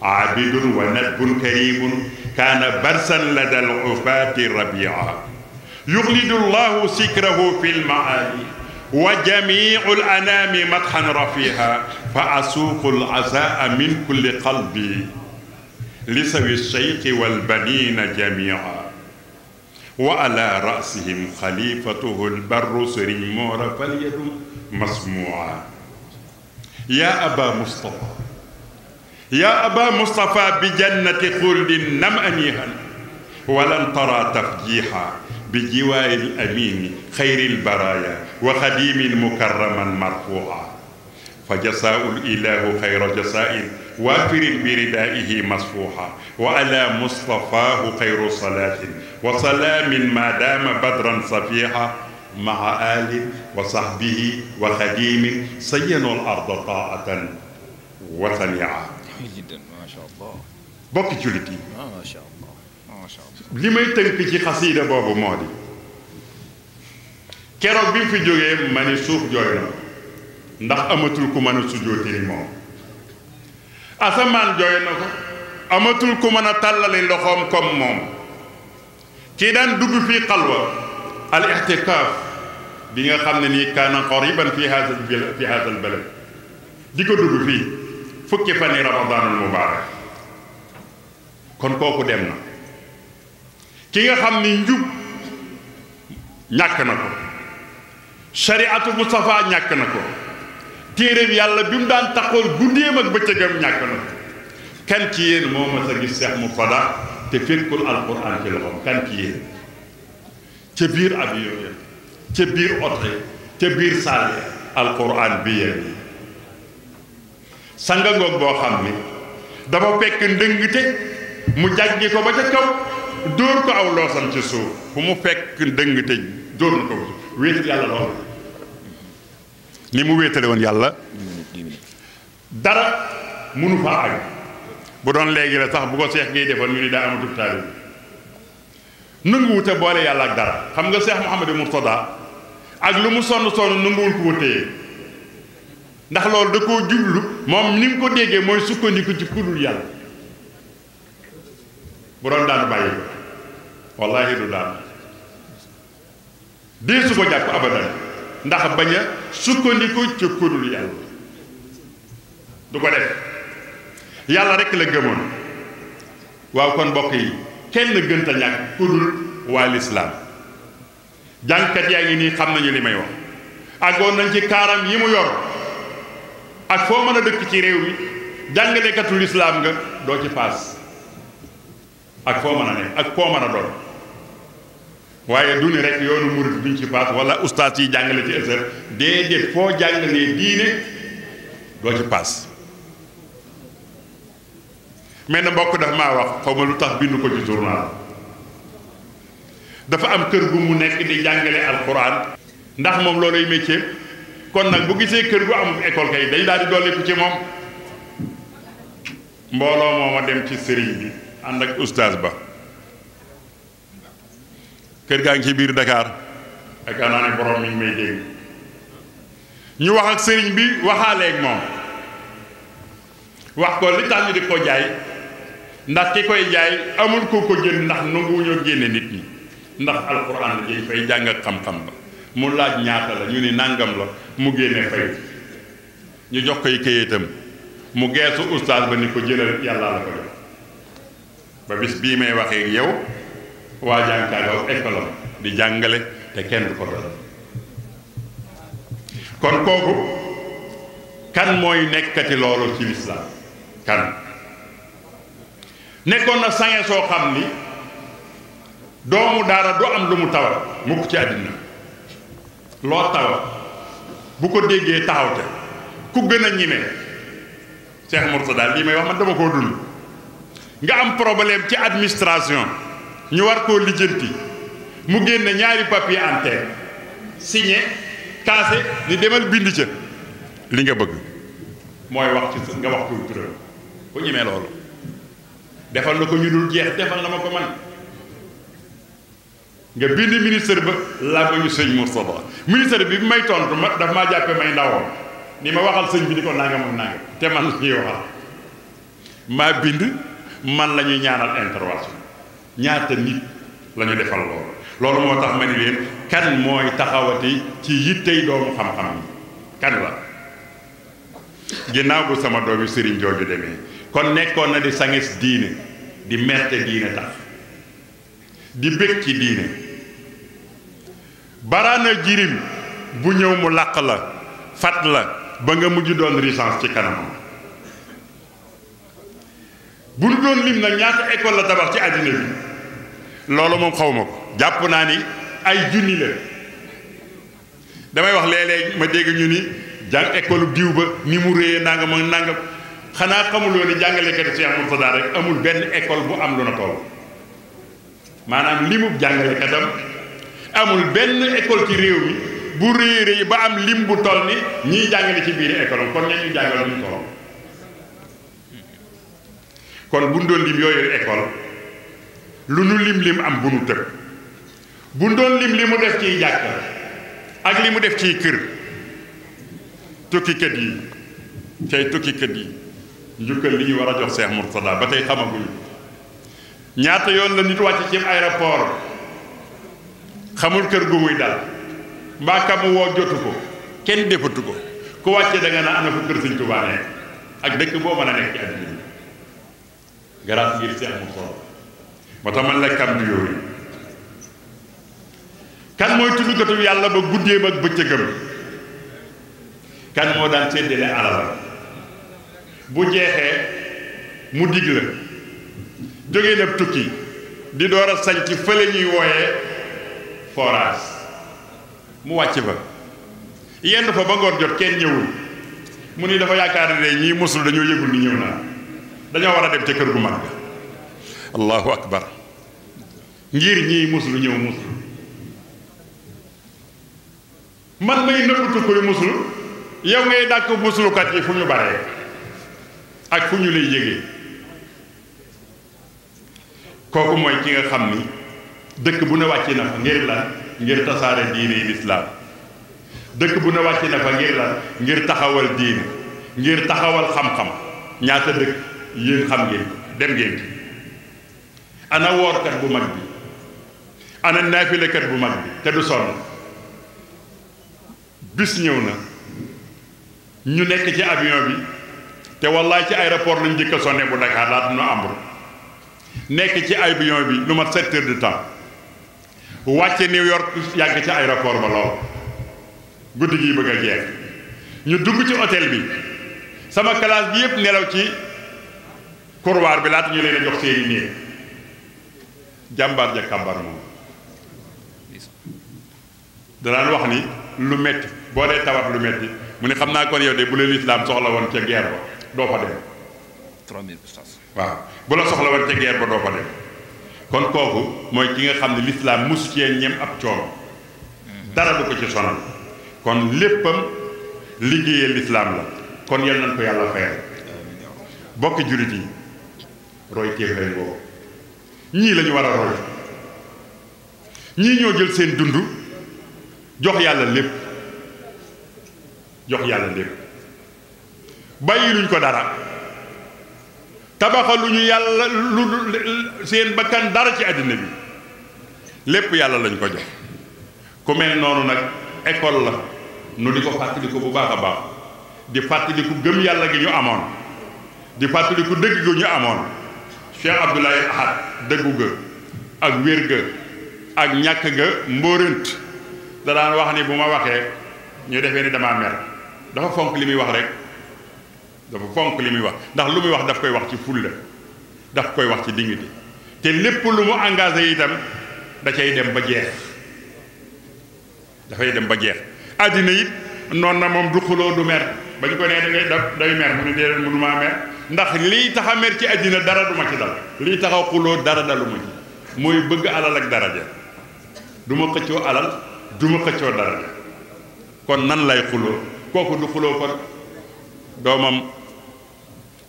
Speaker 3: عابد وندب كريم كان برسا لدى العفاة ربيعا يخلد الله سكره في المعالي وجميع الأنام مدحا رفيها فأسوق العزاء من كل قلبي لسوي الشيخ والبنين جميعا wa ala rasihim xalifatuhu albarru sëriñ moora falyadu masmuwa yaa aba mustafa yaa aba mustafa bi jannati xuldin nam anihan walan tara tafjiha bi jiwaay alamini xayri albaraya wa xadimin mukarraman marfuha fa jasaau ilahu xayra jasain وافر بردائه مصفوحا وعلى مصطفاه خير صلاة وسلام ما دام بدرا صفيحا مع آل وصحبه وخديم سينوا الأرض طاعة وصنيعا جدا ما شاء الله بوك جلتي ما شاء الله ما شاء الله لما يتنك في قصيدة بابو مهدي كرب في جوغي ماني سوق جوينا ndax amatul ku mën a sujjóoti ni moom asamaan jooy na ko amatul ku mën a tàllali loxoom kom moom kii daan dugg fii xalwa al bi nga xam ne nii kaana qariban fi haza fi haza al balad di ko dugg fii fukki fan yi ramadaanul mubaarak kon kooku dem na ki nga xam ni njub ñàkk na ko shariatu Mustafa ñàkk na ko téeréem yàlla bi mu daan taxawal guddeem ak bëccëgam ñàkk na kan ci yéen moo ma sa gis Seex mu fada te fekkul alquran ci loxoom kan ci yéen ca biir avion ca biir oto ya ca biir salle ya bi yéen sanga ngoog boo xam ni dafa fekk ndëngte mu jàggi ko ba ca kaw dóor ko aw loosam ci suuf fu mu fekk ndëngte dóor na ko wéet yàlla lool ni mu wéetale woon yàlla dara munu fa àgg bu doon léegi la sax bu ko seex ngay defal ñu ni daa amatul taalib nanguwute boole yàlla ak dara xam nga seex Mouhamadou Mourtada ak lu mu sonn sonn nanguwul ko téye ndax loolu da koo jublu moom ni mu ko déggee mooy sukkandiku ci kudul yàlla bu doon daan bàyyi ko wallaahi du daan dee su ko jàpp abadan ndax bañ a sukkandiku ci kudul yàlla du ko def yàlla rekk la gëmoon waaw kon mbokk yi kenn gënta ñàkk kudul waa lislaam jàngkat yaa ngi nii xam nañu li may wax àggoon nañ ci kaaram yi mu yor ak foo mën a dëkk ci réew mi jàngalekatu lislaam nga doo ci paas ak foo mën a ne ak koo mën a doon waaye du ni rek yoonu murit duñ ci paas wala ustaas yi jàngale ci ësër déedéet foo jàngalee diine doo ci paas mel na mbokk dafa maa wax xaw ma lu tax bind ko ci journal dafa am kër gu mu nekk di jàngale alquran ndax moom loolu looluy métier kon nag bu gisee kër bu am école kay dañ daal di dolliku ci moom mbooloo mooma dem ci sëriñ bi ànd ak ustaas ba kër gaa ngi ci biir Dakar yaakaar naa ne borom mi may dégg ñu wax ak sëriñ bi waxaaleeg moom wax ko li tax ñu ko jaay ndax ki koy jaay amul ko ko jënd ndax nanguwuñoo génne nit ñi ndax alxuraan la dañ fay jàng ak xam-xam ba mu laaj ñaata la ñu ni nàngam la mu génne fay ñu jox koy këyitam mu geesu ustaas ba ni ko jëlal yàllaa la ko jox ba bis bii may waxee yow waa jànkaagaw école di jàngale te kenn du ko doon kon kooku kan mooy nekkati loolu ci lislaam kan nekkoon na sange soo xam ni doomu daara du am lu mu tawat mukk ci àddina loo tawat bu ko déggee taxawte ku gën a ñime Cheikh daal lii may wax man dama koo dund nga am problème ci administration ñu war koo lijjanti mu génne ñaari papier en terre signé kaase ni demal bind ca li nga bëgg mooy wax ci nga wax koy turam ku ñemee loolu defal na ko ñu dul jeex defal na ma ko man nga bind ministre ba laa ko ñu sëñ Moustapha ministre bi may tontu ma daf maa jàppe may ndawoon ni ma waxal sëñ bi ni ko nangam ak nangam te man la ñuy waxal maa bind man la ñuy ñaanal intervention ñaata nit lañu ñu defal loolu loolu moo tax ma ni leen kan mooy taxawati ci yittey doomu xam-xam yi kan la ginnaaw bu sama doomi sëriñ jooju demee kon nekkoon na di sanges diine di merte diine tax di bëgg ci diine baraana jirim bu ñëw mu làq la fat la ba nga mujj doon résistance ci kanamam bu nu doon lim nag ñaata école la tabax ci àddina bi loolu moom xaw ko jàpp naa ni ay junni la damay wax léeg-léeg ma dégg ñu ni jàng école diw ba ni mu réyee nangam ak nangam xanaa xamuloo ni jàngalekat Cheikh Mourtada rek amul benn école bu am lu na toll maanaam limub jàngalekatam amul benn école ci réew mi bu réy réy ba am lim bu toll ni ñiy jàngale ci biir école kon ña ñu jàngal lu ñu kon bu ñu doon lim yooyu école lu nu lim lim am bu nu tëb bu doon lim li mu def ciy jàkk ak li mu def ciy kër tukkikat yi tey tukkikat yi njukkal li ñu war a jox seex Mourtada ba tey xamaguñu ñaata yoon la nit wàcce ci aéroport xamul kër gu muy dal mbaa ka mu woo jotu ko kenn defatu ko ku wàccee da nga naan ana fu kër Sëñ Tuubaa ak dëkk boo mën a nekk ci àddina garaas ngir ci amul solo moo tax man la kàddu kan mooy tuddukatu yàlla ba guddeem ak bëccëgam kan moo daan séddale alal bu jeexee mu dig la jógee nag tukki di door a sañc fële ñuy wooyee forage mu wàcc fa yenn fa ba ngoor jot kenn ñëwul mu ni dafa yaakaar ne ñii mosul dañoo yëgul ni ñëw naa dañoo war a dem ca kër gu mag ga allahu akbar ngir ñiy muslu ñëw muslu man may nëbbutu koy muslu yow ngay dàkk muslukat yi fu ñu baree ak fu ñu lay yégee kooku mooy ki nga xam ni dëkk bu ne wàcc na fa ngir la ngir tasaare diine lislaam dëkk bu ne wàcc na fa ngir la ngir taxawal diine ngir taxawal xam-xam ñaata dëkk yéen xam ngeen ko dem ngeen ana woorkat bu mag bi ana naafilekat bu mag bi te du sonn bis ñëw na ñu nekk ci avion bi te wallaay ci aéroport lañu njëkk a sonné bu laa laata nu amru nekk ci avion bi lu mat sept heures de temps wàcce New York yàgg ci aéroport ba lool guddi gi bëgg jeex ñu dugg ci hôtel bi sama classe bi yëpp nelaw ci kurwaar bi laata ñu leen jox seeni néeg jàmbaar ja kàmbar moom danaan wax ni lu metti boo dee tawat lu metti mu ne xam naa kon yow de bu leen lislaam soxla woon ca guerre ba doo fa dem doo kon kooku mooy ki nga xam ne lislaam musu cee ñem ab coono dara du ko ci sonal kon léppam liggéeyee lislaam la kon yal nañ ko yàlla fayal bokki jurit yi roy téef lañ ñii lañu war a roy ñii ñoo jël seen dund jox yàlla lépp jox yàlla lépp bàyyi luñ ko dara tabaxaluñu yàlla lu seen bakkan dara ci àddina bi lépp yàlla lañ ko jox ku mel noonu nag école la nu di ko fàttaliku bu baax a baax di fàttaliku gëm yàlla gi ñu amoon di fàttaliku dëgg gi ñu amoon Cheikh Abdoulaye Ahad dëggu ga ak wér ga ak ñàkk ga mbóorant da daan wax ni bu ma waxee ñu defee ni damaa mer dafa fonk li muy wax rek dafa fonk li muy wax ndax lu muy wax daf koy wax ci fulla daf koy wax ci dignité te lépp lu mu yi itam da cay dem ba jeex dafay dem ba jeex àddina it noonu na moom du xuloo du mer ba ñu ko da ngay day mer mu ne déedéet mënu maa mer ndax lii tax a mer ci àddina dara du ci dal lii taxaw a xuloo dara dalu ma ci mooy bëgg alal ak daraja du ma xëccoo alal du ma xëccoo daraja kon nan lay xuloo kooku du xuloo kon doomam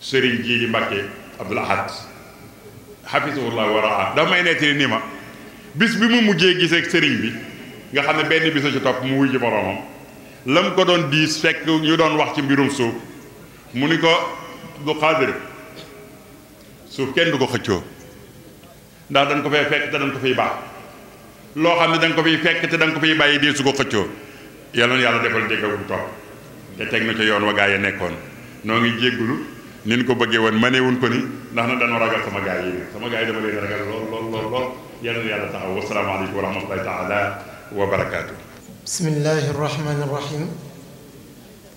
Speaker 3: sëriñ jii di Mbàkke Abdul Ahad xafisahullah wa raa dafa may nettali ni ma bis bi mu mujjee gisee sëriñ bi nga xam ne benn bisu ci topp mu wuy ji moroomam lam ko doon diis fekk ñu doon wax ci mbirum suuf mu ni ko du xaadir suuf kenn du ko xëccoo ndax dañ ko fay fekk te dañ ko fiy baax loo xam ne dañ ko fekk te dañ ko fiy bàyyi dee su ko xëccoo yàlla na yàlla defal dégg bu topp te teg na ca yoon wa gaa yi nekkoon noo ngi jéggulu nin ko bëggee woon manewuñ ko ni ndax na dañoo ragal sama gaa yi sama gaa yi dama leen ragal lool lool lool lool yàlla na yàlla taxaw wasalaamaaleykum wa rahmatulahi taala wa barakaatu
Speaker 4: bismillahi irrahmani irrahim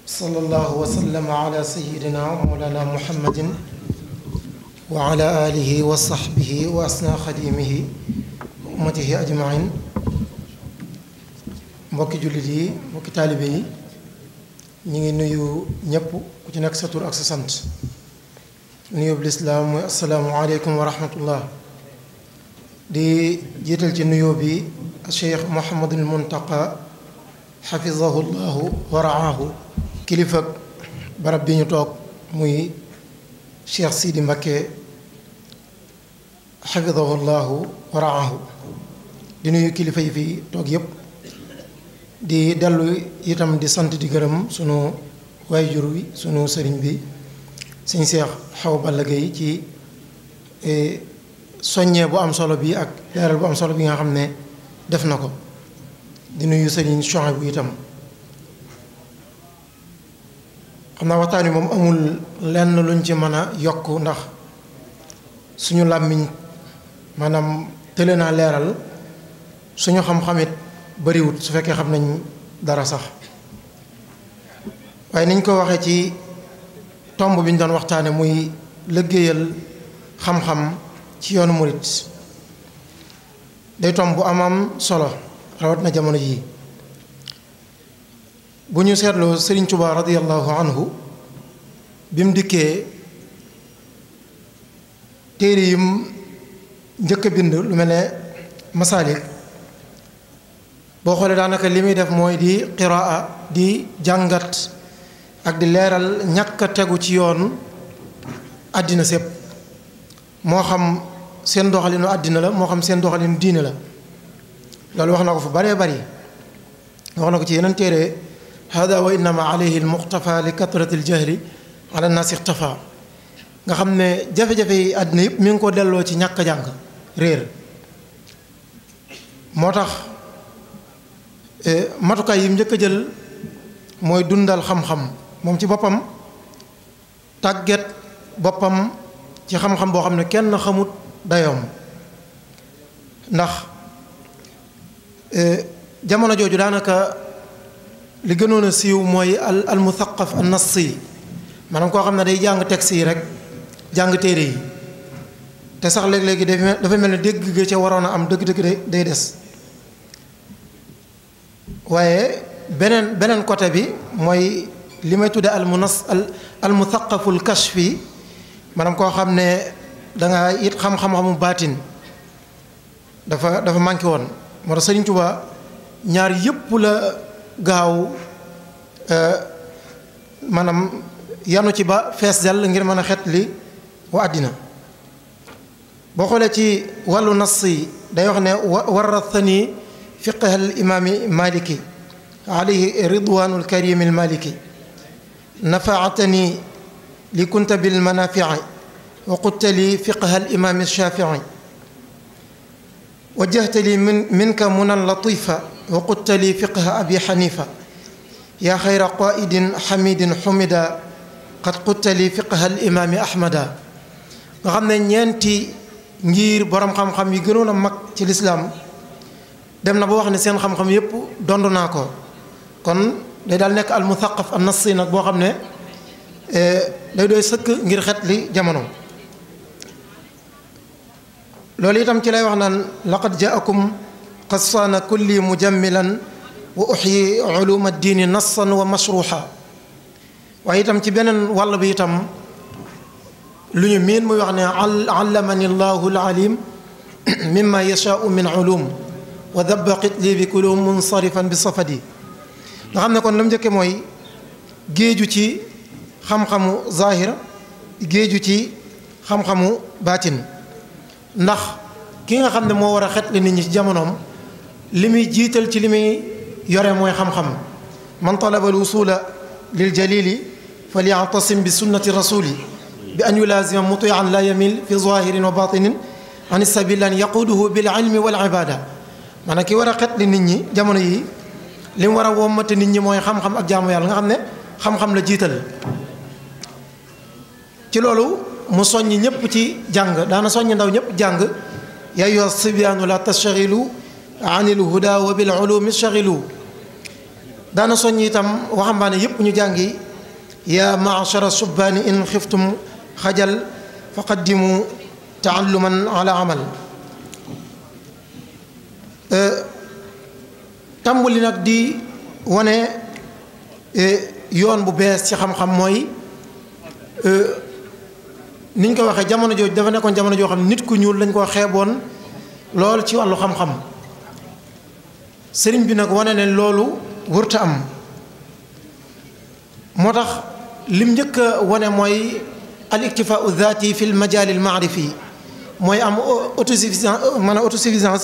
Speaker 4: sala allahu wasallam ala sayidina wa mawlana muhammadin wa ala alihi wa sahbihi wa asna xadimihi wa ummatihi ajmain mbokki jullit yi mbokki taalibe yi ñu ngi nuyu ñépp ku ci nekk sa tur ak sa sant nuyu bi lislaam mooy assalaamu aleykum wa rahmatullah di jiital ci nuyoo bi cheikh mohamadul muntaqa xafizahu llahu wa kilifa barab bi ñu toog muy cheikh sidi mbakke xafizahu llahu wa raahu di nuyu kilifa yi fi toog yépp di dellu itam di sant di gërëm sunu waayjur wi sunu sëriñ bi sëñ seex xaw Balla Gaye ci eh, soññee bu am solo bi ak leeral bu am solo bi nga xam ne def na ko di nuyu Serigne Chouaïbou itam xam naa waxtaan wi moom amul lenn luñ ci mën a yokk ndax suñu làmmiñ maanaam tële naa leeral suñu xam-xamit bariwut su fekkee xam nañ dara sax waaye niñ ko waxee ci tomb bi ñu doon waxtaanee muy liggéeyal xam-xam ci yoonu murit day tomb bu amam solo rawat na jamono jii bu ñu seetloo Sëriñ Tuubaa radiyallahu anhu bi mu dikkee téere yi mu njëkk bind lu mel ne masaalik boo xoolee daanaka li muy def mooy di qiraa di jàngat ak di leeral ñàkk tegu ci yoon àddina sépp moo xam seen doxalinu àddina la moo xam seen doxalinu diine la loolu wax na ko fu baree bari wax na ko ci yeneen téere hada wa innama alayhi almuqtafa li katrati aljahli ala nnaas ixtafa nga xam ne jafe-jafe yi àddina yëpp mi ngi ko delloo ci ñàkk jàng réer moo tax eh, matukaay yi mu njëkk a jël mooy dundal xam-xam moom ci boppam tàgget boppam ci xam-xam boo xam ne kenn xamut dayoom ndax Eh, jamono jooju daanaka li gënoon a siiw mooy al al muthaqaf an nas yi maanaam koo xam ne day jàng texte yi rek jàng téere yi te sax léeg-léegi dafa mel ne dégg ga waroon a am dëgg-dëgg day des waaye beneen beneen côté bi mooy li may tudde al munas al al muthaqaful kashfi maanaam koo xam ne danga it xam-xam-xamu baatin dafa dafa manqué woon moo tax Sëriñ ñaar yëpp la gaaw euh, maanaam yanu ci ba fees dell ngir mën a xet li wa àddina boo xoolee ci wàllu nas yi day wax ne warathani fiqh al imaami maliki alayhi ridwanu alkarimi almaliki nafaatani li kunta bilmanafii wa qutta li fiqh al imaami alshafii وجهت لي من منك منى لطيفا وقدت لي فقه أبي حنيفة يا خير قائد حميد حمدا قد قدت لي فقه nga xam ne ñeenti ngir boroom xam-xam yi gënoon a mag ci lislaam dem na ba wax ne seen xam-xam yépp dond naa ko kon day daal nekk al muthaqaf an nas nag boo xam ne eh, day doy sëkk ngir xet jamono loolu itam ci lay wax naan laqad jaakum qassana kulli mujammilan wa uxyi uluma diini nassan wa mashruha waaye itam ci benen wàll bi itam lu ñu miin muy wax ne allamani llahu alalim mimma yashaau min ulum wa daba qitli bi kulum munsarifan bi safadi nga xam ne kon njëkke mooy géeju ci xam-xamu zahir géeju ci xam-xamu baatin ndax ki nga xam ne moo war a xet li nit ñi ci jamonoom li muy jiital ci li muy yore mooy xam-xam man talaba al wusula lil jalili falyatasim bi sunnati rasuli bi an yulaazima mutian la yamil fi zahirin wa batinin an sabil an yaquduhu bil ilmi wal ibada maanaam ki war a xet nit ñi jamono yi li mu war a wommate nit ñi mooy xam-xam ak jaamu yàlla nga xam ne xam-xam la jiital ci loolu mu soññ ñëpp ci jàng daana soññ ndaw ñëpp jàng yaa sibyaanu la tashghilu anil huda wa bil ulumi shghilu daana soññ itam waxambaane yëpp ñu jàngi yaa maachara subbaani in xiftum xajal fa qaddimu taalluman ala amal tàmbali nag di wane yoon bu bees ci xam-xam mooy ni ñu ko waxee jamono jooju dafa nekkoon jamono joo xam ne nit ku ñuul lañ koo xeeboon lool ci wàllu xam-xam sëriñ bi nag wane ne loolu wërta am moo tax lim njëkk a wane mooy al iktifaau zaati fi l majaali l maarifi mooy am autosuffisance maanaam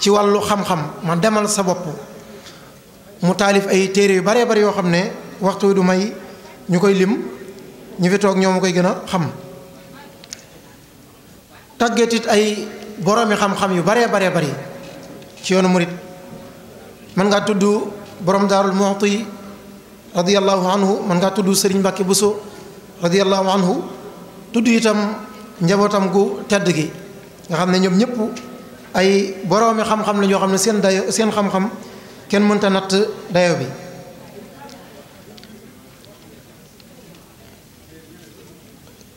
Speaker 4: ci wàllu xam-xam man demal sa bopp mu taalif ay téere yu baree bari yoo xam ne waxtu du may ñu koy lim ñu fi toog ñoo koy gën a xam tàggetit ay boroomi xam-xam yu baree baree bari ci yoonu murit mën ngaa tudd borom daarul Muxti radiyallahu anhu mën ngaa tudd Serigne Mbacke Bousso radiyallahu anhu tudd itam njabootam gu tedd gi nga xam ne ñoom ñëpp ay boroomi xam-xam la ñoo xam ne seen dayo seen xam-xam kenn mënta natt dayo bi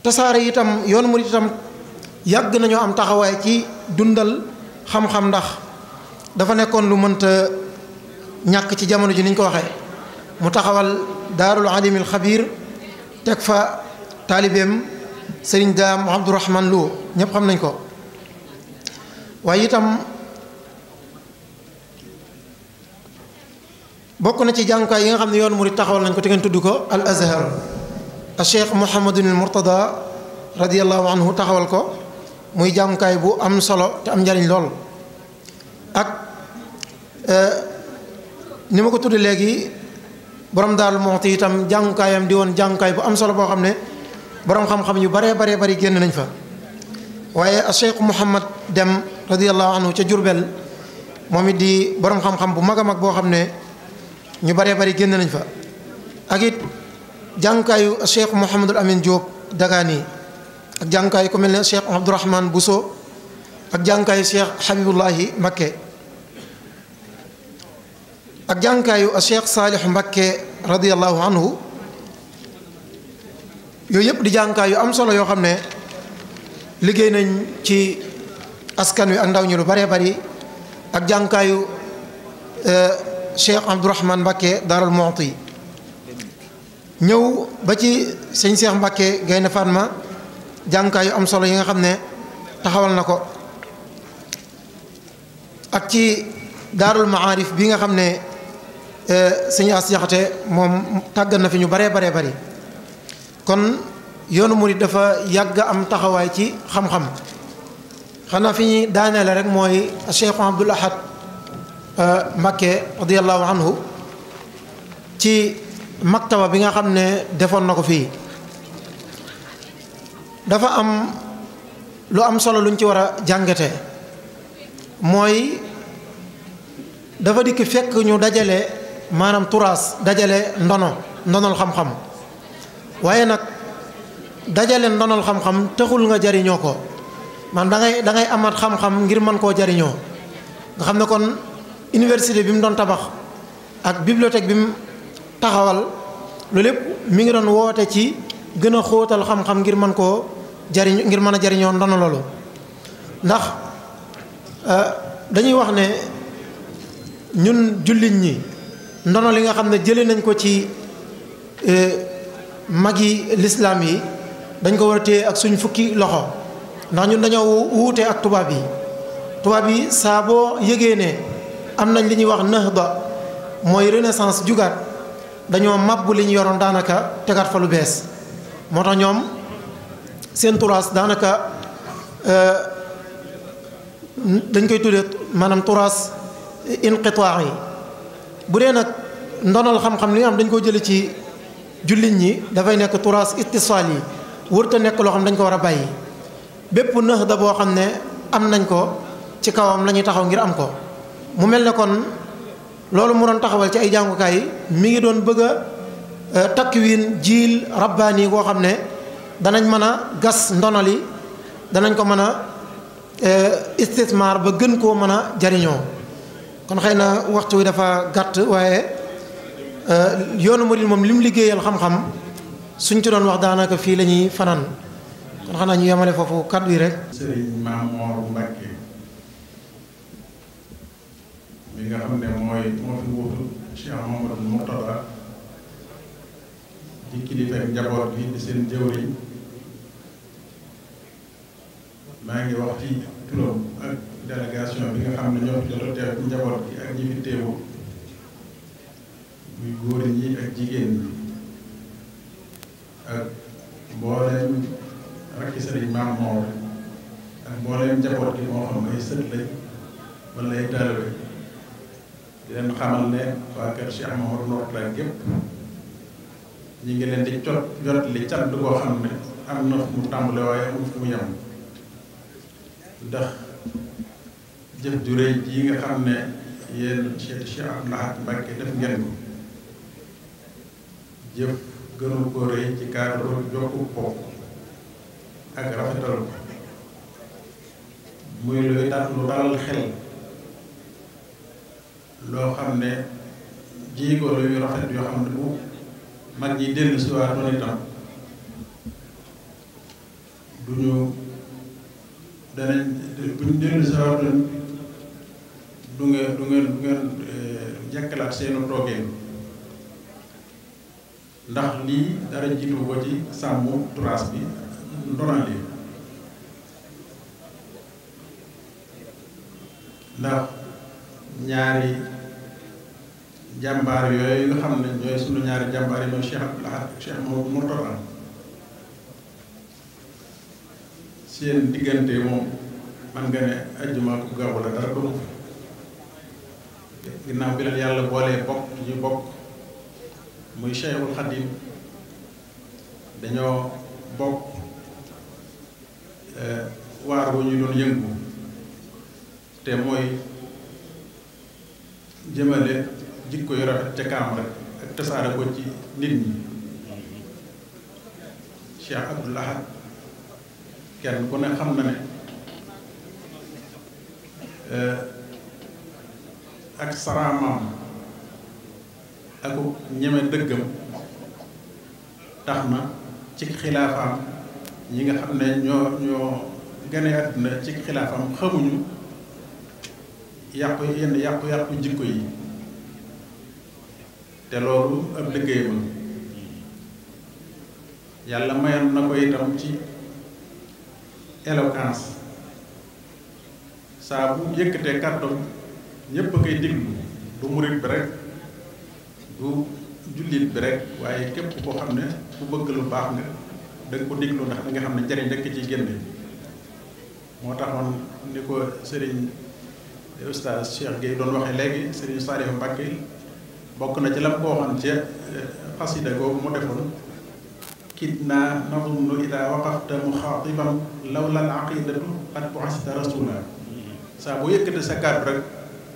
Speaker 4: tasaare itam yoonu murit itam yàgg nañoo am taxawaay ci dundal xam-xam ndax dafa nekkoon lu mënta ñàkk ci jamono ji niñ ko waxee mu taxawal daarul alimil xabiir teg fa taalibeem sëriñ daam abdourahman Lo ñépp xam nañ ko waaye itam bokk na ci jàngukaay yi nga xam ne yoon mu murid taxawal nañ ko te ngeen tudd ko al azhar al cheikh mouhamadunil mourtada radiallahu anhu taxawal ko muy jàngukaay bu am solo te am njariñ lool ak e, ni ma ko tudde léegi borom daal moo ti itam jàngukaayam di woon jàngukaay bu am solo boo xam ne borom xam-xam yu baree baree bari génn nañ fa waaye Cheikh Mouhamad Dem radiallahu anhu ca Jurbel moom it di borom xam-xam bu mag mag boo xam ne ñu baree bari génn nañ fa ak it jàngukaayu Cheikh Mouhamadul Amin Diop Dagana ak jàngkaayu ku mel ne Cheikh Abdourahman Bousso ak jàngkaayu Cheikh Habibullahi Mbakke ak jàngkaayu Cheikh Saalih Mbakke radiyallahu anhu yooyu yëpp di jànkaay yu am solo yoo xam ne liggéey nañ ci askan wi ak ndaw ñu lu bëree bëri ak jànkaayu euh, Cheikh Abdourahman Mbakke Daarul Muhti ñëw ba ci sëñ Cheikh Mbakke Gaynde Fatma jàngukaay am solo yi nga xam ne taxawal na ko ak ci daarul maarif bi nga xam ne eh, sëñ as moom tàggat na fi ñu baree baree bari kon yoonu murid dafa yàgg am taxawaay ci xam-xam xanaa fi ñuy daaneele rek mooy cheikh abdul ahad eh, mbakke radiallahu anhu ci maktaba bi nga xam ne defoon na ko fii dafa am lu am solo luñ ci war a jàngate mooy dafa dikk fekk ñu dajale maanaam turaas dajale ndono ndonol xam-xam waaye nag dajale ndonol xam-xam taxul nga jariñoo ko man da ngay da ngay amaat xam-xam ngir mën koo jariñoo nga xam ne kon université bi mu doon tabax ak bibliothèque bi mu taxawal loolu lépp mu ngi doon woote ci gën a xóotal xam-xam ngir mën koo jariñ ngir mën a jariñoo ndono loolu ndax euh, dañuy wax ne ñun jullit ñi ndono li nga xam ne jëlee nañ ko ci euh, mag yi lislaam yi dañ ko war a téye ak suñu fukki loxo ndax ñun dañoo wuute ak tubaab yi tubaab yi saa boo ne am nañ li ñuy wax nahda mooy renaissance jugaat dañoo mabbu li ñu yoroon daanaka tegaat fa lu bees moo tax ñoom seen turaas daanaka euh, dañ koy tuddee maanaam turaas inqitaax yi bu dee nag ndonal xam-xam li nga xam dañ koo jële ci jullit ñi dafay nekk turaas ittisaal yi wërta nekk loo xam dañ ko war a bàyyi bépp nëx da boo xam ne am nañ ko ci kawam lañuy taxaw ngir am ko mu mel ne kon loolu mu doon taxawal ci ay jàngukaay mi ngi doon bëgg a euh, takk wiin jiil rabbaani koo xam ne danañ mën a gas ndonoli danañ ko mën a eh, istismaar ba gën koo mën a jariñoo kon xëy na waxtu wi dafa gàtt waaye eh, yoonu murid moom li liggéeyal xam-xam suñ ci doon wax daanaka fii lañuy fanaan kon xanaa ñu yemale foofu kàddu yi rek.
Speaker 5: di kilifa njaboot bi di seen jëwriñ maa ngi wax ci turam ak délégation bi nga xam ne ñoo fi jot a njaboot bi ak ñi fi teewu muy góor ñi ak jigéen ñi ak mbooleem rakki sëriñ maam moom ak mbooleem njaboot gi moo xam ay sët lañ wala ay taalibe leen xamal ne waa kër Cheikh Mamadou Nortala gépp ñu ngi leen di jot jorot li cant boo xam ne am na fu mu tàmbale waaye amul fu mu yem ndax jëf ju rëy yi nga xam ne yéen Cheikh Cheikh Abdou Lahad Mbacké def ngeen ko jëf gënul ko rëy ci cadre jokku bopp ak rafetal muy luy tax lu dalal xel loo xam ne jii ko luy rafet yoo xam ne bu mag yi dellu si waatoon itam du ñu danañ buñ dellu si waatoon du ngeen du ngeen du ngeen eh, jàkkalaat seenu toogee ndax lii dara jiitu ko ci sàmm trace bi ndonaale ndax ñaari jàmbaar yooyu nga xam ne ñooy sunu ñaari jàmbaar yi mooy Cheikh Abdoul Ahad ak Cheikh Mouhamadou Mourtada seen diggante moom man nga ne ajjuma ko gaaw la dara doon ginnaaw bi leen yàlla boolee bokk ñu bokk muy Cheikhul Khadim dañoo bokk euh, waar wu ñu doon yëngu te mooy jëmale jikko yu rafet ca kaam rek ak tasaare ko ci nit ñi Cheikh Abdoul Ahad kenn ku ne xam na ne eh, ak saraamam aku ñeme dëggam tax na ci xilaafaam ñi nga xam ne ñoo ñoo gane àdduna ci xilaafaam xamuñu yàqu yenn yàqu-yàqu jikko yi te loolu ab liggéeyam yàlla mayoon na ko itam ci éloquence saa bu yëkkatee kàddoom ñépp a koy déglu du murit bi rek du jullit bi rek waaye képp koo xam ne ku bëgg lu baax nga da ko diglu ndax da nga xam ne njariñ rekk ciy génne moo taxoon ni ko sëriñ ustaas Cheikh Gueye doon waxee léegi sëriñ Saliou Mbacké bokk na ci lam ko waxoon ca eh, xasida googu mu defoon kit naa nazunnu ida waqafta muxaatiban lawla al aqidatu qad bu'asta rasula saa boo yëkkate sa kàddu rek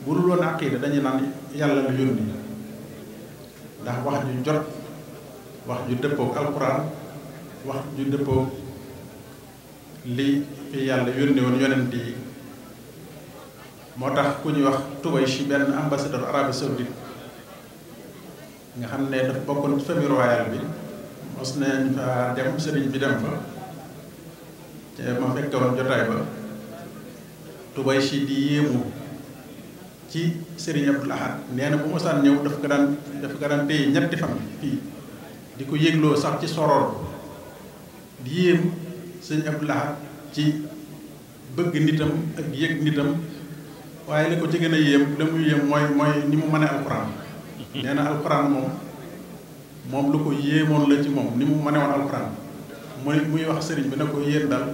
Speaker 5: bu dul woon aqida dañu naan yàlla lu yónni ndax wax ju jot wax ju dëppoog alquran wax ju dëppoog li fi yàlla yónni woon yonent yi moo tax ku ñuy wax Tubay si benn ambassadeur Arabie Saoudite nga xam ne dafa bokkoon ci famille royale bi mos nañ fa dem sëriñ bi dem fa te ma fekk woon jotaay ba Touba si di yéemu ci sëriñ Abdoul Ahad nee na bu mosaan ñëw dafa ko daan dafa ko daan téye ñetti fan fii di ko yëgloo sax ci soroor di yéem sëriñ Abdoul Ahad ci bëgg nitam ak yëg nitam waaye li ko ci gën a yéem la muy yéem mooy mooy ni mu mën a alxuraan nee na alxuraan moom moom lu ko yéemoon la ci moom ni mu ma ne woon alxuraan muy muy wax sëriñ bi ne ko yéen daal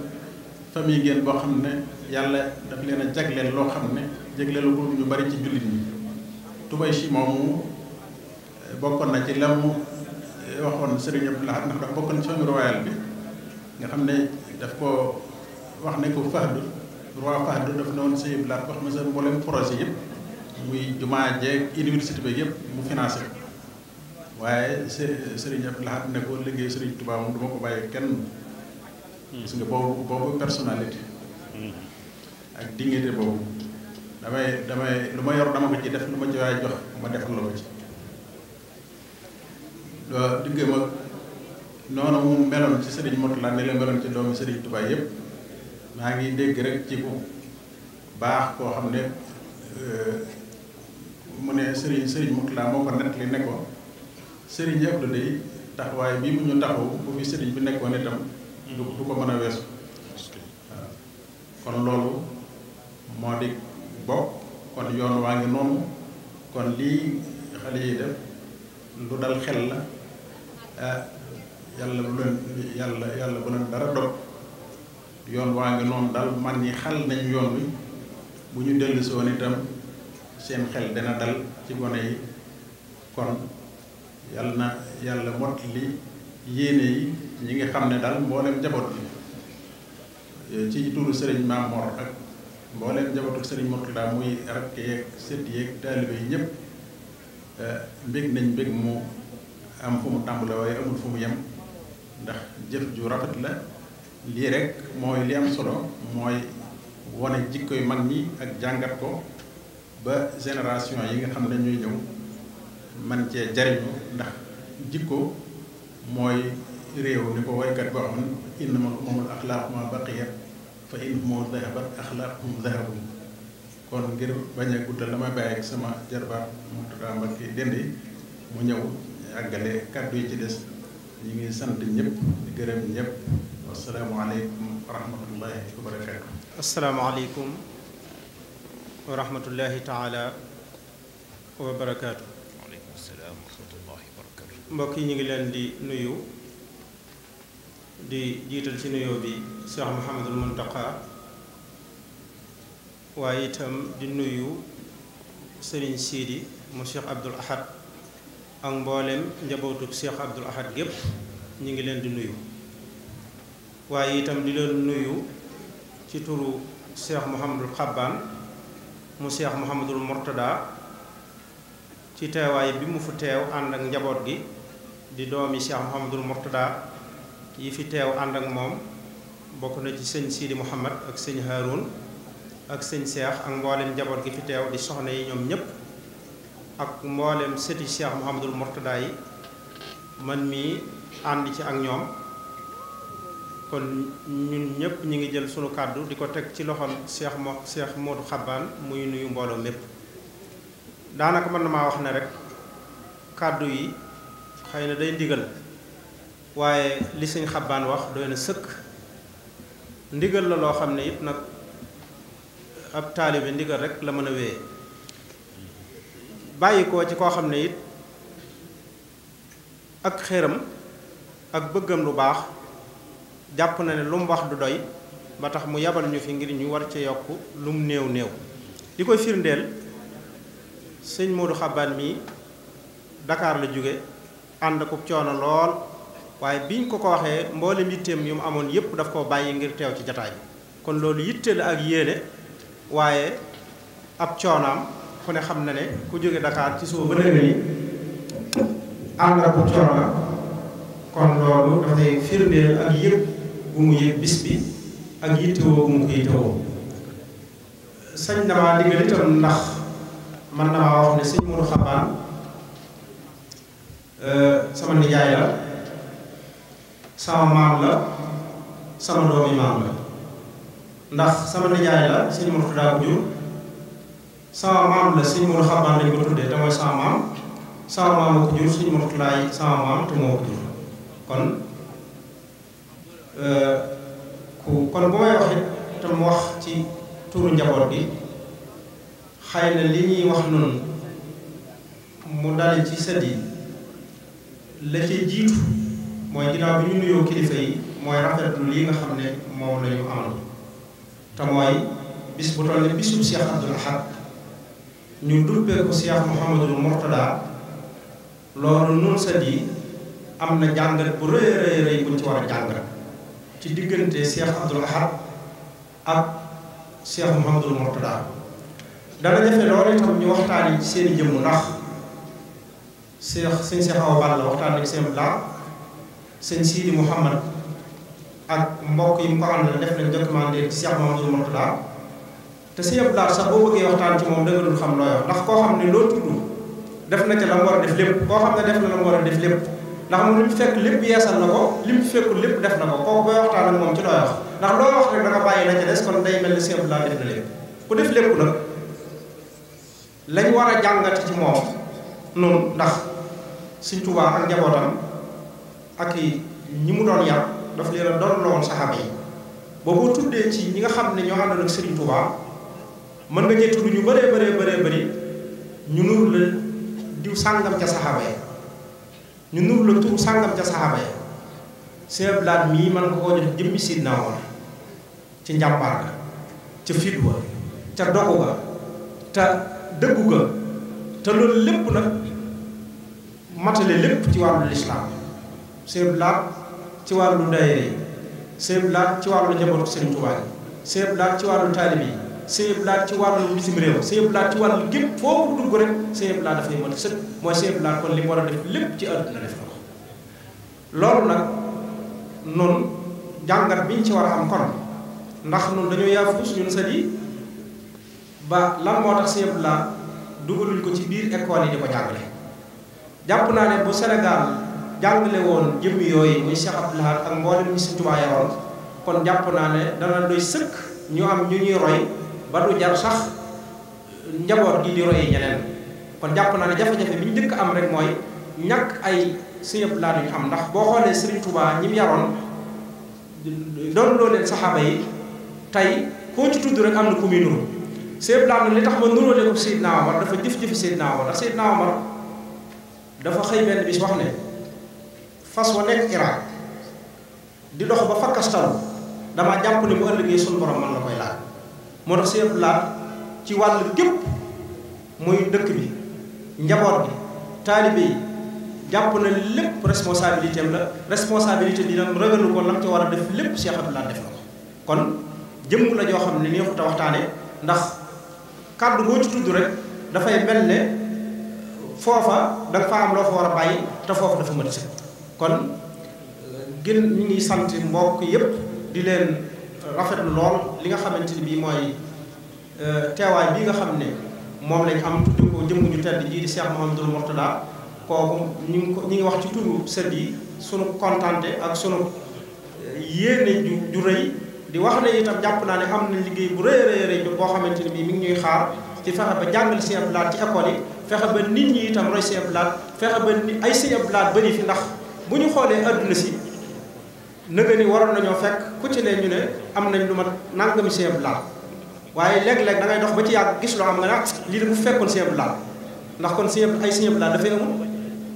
Speaker 5: famille ngeen boo xam ne yàlla daf leen a jagleel loo xam ne jagleelu ko ñu bari ci jullit ñi tubay si eh, bokkoon na ci lam eh, waxoon sëriñ Abdou Lahad ndax ci famille royale bi nga xam ne daf ko wax ne ko Fahdu roi Fahdu daf ne woon sëriñ Abdou wax ma seen mboolem projet yëpp muy jumaa jeeg université beeg yëpp mu financé waaye Serigne Abdou xam ne ko liggéey Serigne Touba moom du ma ko bàyyi kenn. gis nga boobu boobu personnalité. Hmm. ak dignité boobu. damay damay lu ma yor dama ko ci def ma ci waay ma defal la ko ci. waaw digg ma noonu mu meloon ci Serigne Mourtala ni la meloon ci doomu Serigne Touba yëpp maa ngi dégg rek ci ku baax koo xam ne. Euh, mu ne Serigne Serigne Moutala moo ko nettali nekkoon Serigne Abdou day taxawaay bii mu ñu taxaw bu fi sëriñ bi nekkoon itam du ko mën a weesu kon loolu moo di bokk kon yoon waa ngi noonu kon lii xale yi def lu dal xel la ah, yàlla bu leen yàlla yàlla bu leen dara dog yoon waa ngi noonu daal man ñi xal nañ yoon wi bu ñu dellusi woon itam seen xel dana dal ci gone yi kon yàlla na yàlla mot li yéene yi ñi nga xam ne daal mboolem njaboot bi ci turu sëriñ Maam Mor ak mboolem njabootu sëriñ Murtada muy rakk yeeg sët yeeg taalibe yi ñëpp eh, mbég nañ mbég mu am fu mu tàmbale waaye amul fu mu yem ndax jëf ju rafet la lii rek mooy li am solo mooy wane jikkoy mag ñi ak jàngat ko ba génération yi nga xam ne dañuy ñëw man cee jariñu ndax jikko mooy réew ni ko woykat boo xam ne innama umamul axlaaq ma fa in moo dahabat axlaaqum dahabum kon ngir bañ a guddal dama bàyyi sama jarbaat mu tuddaa Mbacke Dende mu ñëw àggale kàddu yi ci des ñu ngi sant ñëpp di gërëm ñëpp wasalaamaaleykum wa rahmatullahi wa barakaatu asalaamaaleykum
Speaker 6: wa rahmatullahi taala wa barakaatu.
Speaker 5: waaleykum yi
Speaker 6: ñu ngi leen di nuyu di jiital ci nuyoo bi Cheikh Mouhamadul Muntaqa waaye itam di nuyu Serigne Sidi mu Cheikh Abdoul Ahad ak mboolem njabootug Cheikh Abdoul Ahad gépp ñu ngi leen di nuyu waaye itam di leen nuyu ci turu Cheikh Mouhamadul Xabbaan. mu Cheikh Mouhamadul Mourtada ci teewaay bi mu fi teew ànd ak njaboot gi di doomi Cheikh Mouhamadul Mourtada yi fi teew ànd ak moom bokk na ci sëñ Sidi Mouhamad ak sëñ Haroun ak sëñ Cheikh ak mboolem njaboot gi fi teew di soxna yi ñoom ñépp ak mboolem sëti Cheikh Mouhamadul Mourtada yi man mii ànd ci ak ñoom kon ñun ñëpp ñu ngi jël sunu kàddu di ko teg ci loxol Cheikh Mo Cheikh Modou Xabbaan muy nuyu mbooloo mépp daanaka mën na maa wax ne rek kàddu yi xëy na day ndigal waaye li sëñ Xabbaan wax doy na sëkk ndigal la loo xam ne it nag ab taalibe ndigal rekk la mën a wéyee bàyyi ko ci koo xam ne it ak xéram ak bëggam lu baax jàpp na ne lu mu wax du doy ba tax mu yabal ñu fi ngir ñu war ci yokk lu mu néew néew li koy firndeel sëñ Modou Xabaan mi dakaar la jóge ànd ko coono lool waaye biñ ko ko waxee mboolem yitteem yu mu amoon yépp daf koo bàyyi ngir teew ci jataay kon loolu yitte la ak yéene waaye ab coonaam ku ne xam na ne ku jóge Dakar ci suuf ba léegi ànd ko coono kon loolu dafay firndeel ak yëpp bu mu yëg bis bi ak yittewoo bu mu ko yittewoo sañ damaa digal itam ndax man damaa wax ne sëñ Modou Xabaan euh, sama nijaay la sama maam la sama doomi tuddee te mooy sama maam sama maam ko jur sëñ Modou Xabaan sama maam te moo jur kon Euh, ku kon bu may wax it tam wax ci turu njaboot bi xëy na li ñuy wax noonu mu dale ci sët yi la jiitu mooy ginnaaw bi ñu nuyoo kilifa yi mooy rafetlu lii nga xam ne moom la ñu amal te mooy bis bu toll ne bisu Cheikh Abdoul Ahad ñu duppee ko Cheikh Mouhamadul loolu nun sët am na jàngat bu rëy rëy rëy buñ ci war a jàngat ci diggante Cheikh Abdoul Ahad ak Cheikh Mouhamadul Mourtada dana jafe loolu itam ñu waxtaan yi seen i jëmm ndax Cheikh sëñ Cheikh Awa Balla waxtaan nañ seen bla sëñ Sidi Mouhamad ak mbokk mu ko àndal def nañ documenté ci Cheikh Mouhamadul Mourtada te seen bla sax boo bëggee waxtaan ci moom danga dul xam looyoo ndax koo xam ne loo tudd def na ca la mu war a def lépp koo xam ne def na la mu war a def lépp. ndax moom li mu fekk lépp yeesal na ko li mu fekkul lépp def na ko kooku koy waxtaan moom ci looy wax ndax loo wax rek da nga bàyyi la ci des kon day mel ni simple laa def na lépp ku def lépp nag lañ war a jàngati ci moom noonu ndax Sëñ Tuubaa ak njabootam ak ñi mu doon yar daf leen a doon loon saxaaba yi boobu tuddee ci ñi nga xam ne ñoo àndoon ak Sëriñ Tuubaa mën nga jël tudd ñu bëree bëree bëree bëri ñu nuur la diw sàngam ca saxaaba yi ñu nuru la tur sàngam ca saxaaba ya sëñ mii man ko koo jox jëmmi Sidna Omar ci njàmbaar ga ca fit wa ca dogu ga te dëggu ga te loolu lépp nag matale lépp ci wàllu lislaam sëñ laat ci wàllu daayira yi sëñ ci wàllu njabootu Sëriñ Tuubaa yi sëñ ci wàllu taalib yi sëñ laa ci wàllu bitim réew sëñ laa ci wàllu gépp foofu dugg rek sëñ laa dafay mën sëkk mooy sëñ laa kon li mu war a def lépp ci àdduna def ko loolu nag noonu jàngat bi ñu ci war a am kon ndax noonu dañoo yaafus ñun sët yi ba lan moo tax sëñ laa dugaluñ ko ci biir école yi di ko jàngale jàpp naa ne bu senegal jàngale woon jëmm yooyu muy Cheikh Abdoul Ahad ak mboolem ñi si Tuubaa yaroon kon jàpp naa ne dana doy sëkk ñu am ñu ñuy roy ba du jar sax njaboot di di royi ñeneen kon jàpp naa ne jafe-jafe bi njëkk am rek mooy ñàkk ay sëñëb laa duñu am ndax boo xoolee Serigne Touba ñi mu yaroon doon loo leen saxaaba yi tey koo ci tudd rek am na ku muy nuru sëñëb laa li tax ma nuróole ko Seydina Omar dafa jëf-jëfi naa Omar ndax Seydina Omar dafa xëy benn bis wax ne fas wa nekk Irak di dox ba fakkastalu dama jàpp ne bu ëllëgee suñu borom mën na koy laaj moo tax Sëñ Abdou ci wàll gépp muy dëkk bi njaboot bi taalibe yi jàpp na lépp responsabilité am la responsabilité bi nag rëgalu ko lam ci war a def lépp Sëñ Abdou def na ko kon jëmm la joo xam ne nii xuta waxtaane ndax kàddu boo ci tudd rek dafay mel ne foofa da fa am loo fa war a bàyyi te foofa dafa mën si kon gën ñu ngi sant mbokk yépp di leen rafetlu lool li nga xamante ni bii mooy euh, teewaay bii nga xam ne moom lañ am tudd ko jëmm ju tedd jii di Cheikh Mouhamadoul Mourtada kooku ñu ngi ko ñu ngi wax ci turu sët yi sunu kontante ak sunu euh, yéene ju ju rëy di wax na ne itam jàpp naa ne am na liggéey bu rëy rëy rëy boo xamante ni bii mi ngi ñuy xaar ci fexe ba jàngal Sëñ Abdou Lahad ci école yi fexe ba nit ñi itam roy Sëñ Abdou fexe ba ay Sëñ Abdou Lahad fi ndax bu ñu xoolee adduna si nëgë ni waroon nañoo fekk ku ci ne ñu ne am nañ lu ma nangami seeb laal waaye lekk léeg da ngay dox ba ci yàgg gis loo xam nga ne ah, lii de bu fekkoon seeb laal ndax kon seeb ay seeb laal dafay amul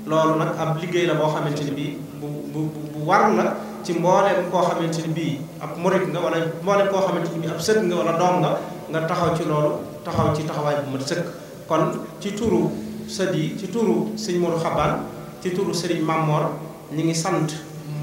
Speaker 6: loolu nag ab liggéey la boo xamante ni bii bu bu bu war na ci mbooleem koo xamante ni bii ab murit nga wala mbooleem koo xamante ni bii ab sët nga wala doom nga nga taxaw ci loolu taxaw ci taxawaay bu mat sëkk kon ci turu sët yi ci turu sëñ Modou Xabaan ci turu Serigne Mamor ñi ngi sant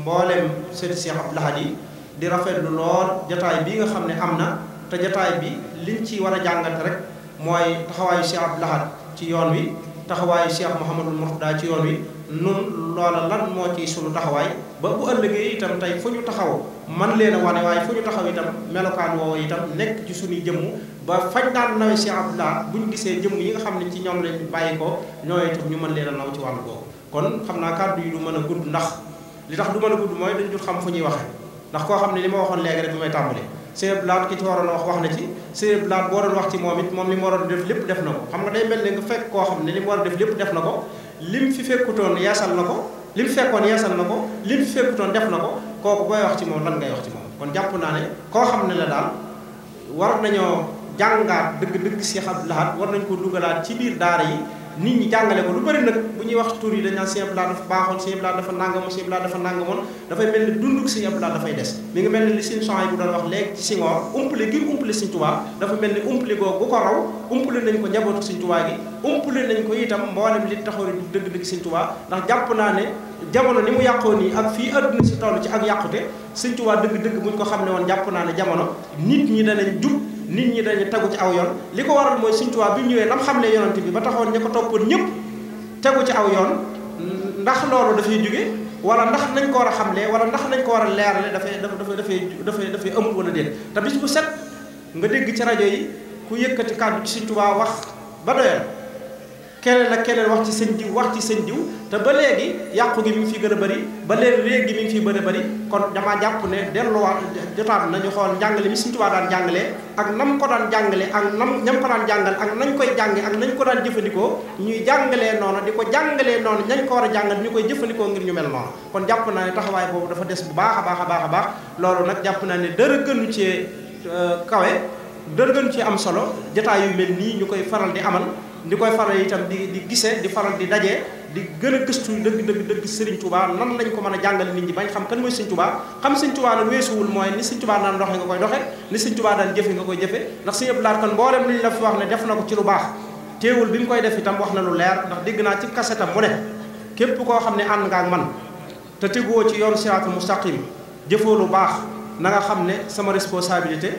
Speaker 6: mboolem sëriñ Cheikh Abdou Lahad yi di rafetlu lool jataay bi nga xam ne am na te jataay bi liñ ci war a jàngate rek mooy taxawaayu Cheikh Abdou Lahad ci yoon wi taxawaayu Cheikh Mouhamadul Mourtada ci yoon wi nun loola lan moo ci sunu taxawaay ba bu ëllëgee itam tey foo ñu taxaw man leen a wane ñu taxaw itam melokaan woowu itam nekk ci suñuy jëmm ba faj daan nawe Cheikh Abdou Lahad bu ñu gisee jëmm yi nga xam ne ci ñoom lañ bàyyi ko ñooy itam ñu mën leen naw ci wàllu boobu kon xam naa kàddu yi mën a gudd ndax li tax du man la gudd mooy dañ jot xam fu ñuy waxee ndax koo xam ne li ma waxoon léegi rek bi may tàmbali sëñ laat ki ci waroon a wax wax na ci sëñ laat boo doon wax ci moom it moom li mu waroon def lépp def na ko xam nga day mel ne nga fekk koo xam ne li mu war a def lépp def na ko na ko lim fekkoon yeesal na ko lim fi fekkutoon def na ko kooku booy wax ci moom lan ngay wax ci kon jàpp naa ne koo xam ne la daal war nañoo jàngaat dëgg-dëgg Cheikh Abdou laat war nañ ko dugalaat ci biir daara yi nit ñi jàngale ko lu bari nag bu ñuy wax tur yi dañ naan sëñ Abdou Lahad dafa baaxoon sëñ Abdou Lahad dafa nangamoon sëñ Abdou Lahad dafa nangamoon dafay mel ni dundug sëñ Abdou Lahad dafay des mi ngi mel ni li sëñ Sohay bu doon wax léegi ci Senghor umpale gi umpale sëñ Tuubaa dafa mel ni umpale googu bu ko raw umpale nañ ko njabootu sëñ Tuubaa gi umpale nañ ko itam mboolem li taxawri du dëgg-dëgg sëñ Tuubaa ndax jàpp naa ne jamono ni mu yàqoo nii ak fii adduna si toll ci ak yàqute sëñ Tuubaa dëgg-dëgg buñ ko xam ne woon jàpp naa ne jamono nit ñi danañ nit ñi dañu tegu ci aw yoon li ko waral mooy Sëñ bi mu ñëwee lam xam ne yonante bi ba taxoon ña ko toppoon ñëpp tegu ci aw yoon ndax loolu dafay jóge wala ndax nañ ko war a xamlee wala ndax nañ ko war a leerale dafay dafay dafay dafay dafay ëmb wala déet te bis bu set nga dégg ci rajo yi ku yëkkati kàddu ci Sëñ wax ba doyal keneen ak keneen wax ci seen diw wax ci sëñ diw te ba léegi yàqu gi mi ngi fi gën a bari ba léegi réer gi mi ngi fi bëri bëri kon dama jàpp ne delluwaat jotaat nañu xool njàngale mi Sëñ Tuubaa daan jàngalee ak nam ko daan jàngale ak nam ñam ko daan jàngal ak nañ koy jànge ak nañ ko daan jëfandikoo ñuy jàngalee noonu di ko jàngalee noonu nañ ko war a jàngal ñu koy jëfandikoo ngir ñu mel noonu kon jàpp naa ne boobu dafa bu baax baax a a baax loolu nag jàpp naa ne dara gënu cee euh, kawe dara gënu cee am solo jotaay yu mel nii ñu koy faral di amal ni koy faral itam di di gisee di faral di daje di gën a gëstu dëgg dëgg dëgg sëriñ Touba nan lañ ko mën a jàngal nit ñi bañ xam kan mooy sëriñ Touba xam sëriñ Touba nag weesuwul mooy ni sëriñ Touba daan doxe nga koy doxe ni sëriñ Touba daan jëfe nga koy jëfe ndax sëriñ Abdou Lahad Kan mboolem li ñu la fi wax ne def na ko ci lu baax téewul bi mu koy def itam wax na lu leer ndax dégg naa ci kasetam mu ne képp koo xam ne ànd nga ak man te teguwoo ci yoon siraatul mustaqim jëfoo lu baax na xam ne sama responsabilité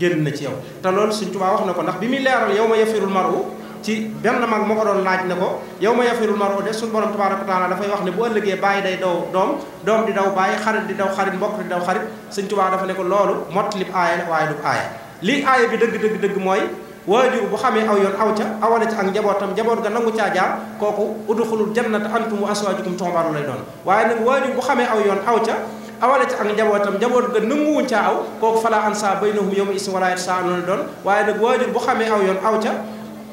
Speaker 6: génn na ci yow te loolu sëriñ Touba wax na ko ndax bi muy leeral yow ma yafirul maru ci benn mag moo ko doon laaj ne ko yow ma yafirul maro de suñu borom tabaraka wa taala dafay wax ne bu ëllëgee bàyyi day daw doom doom di daw bàyyi xarit di daw xarit mbokk di daw xarit suñ tubaa dafa ne loolu mott lib aaya la waaye du bi dëgg dëgg dëgg mooy waajur bu xamee aw yoon aw ca awale ci ak njabootam njaboot ga nangu caa jaar kooku udxulul jannata antum wa aswaajukum tombaaru lay doon waaye nag waajur bu xamee aw yoon aw ca awale ci ak njabootam njaboot ga nanguwuñ caa aw kooku fala ansa baynahum yawma isin wala yatsaa'aluun doon waaye nag waajur bu xamee aw yoon aw ca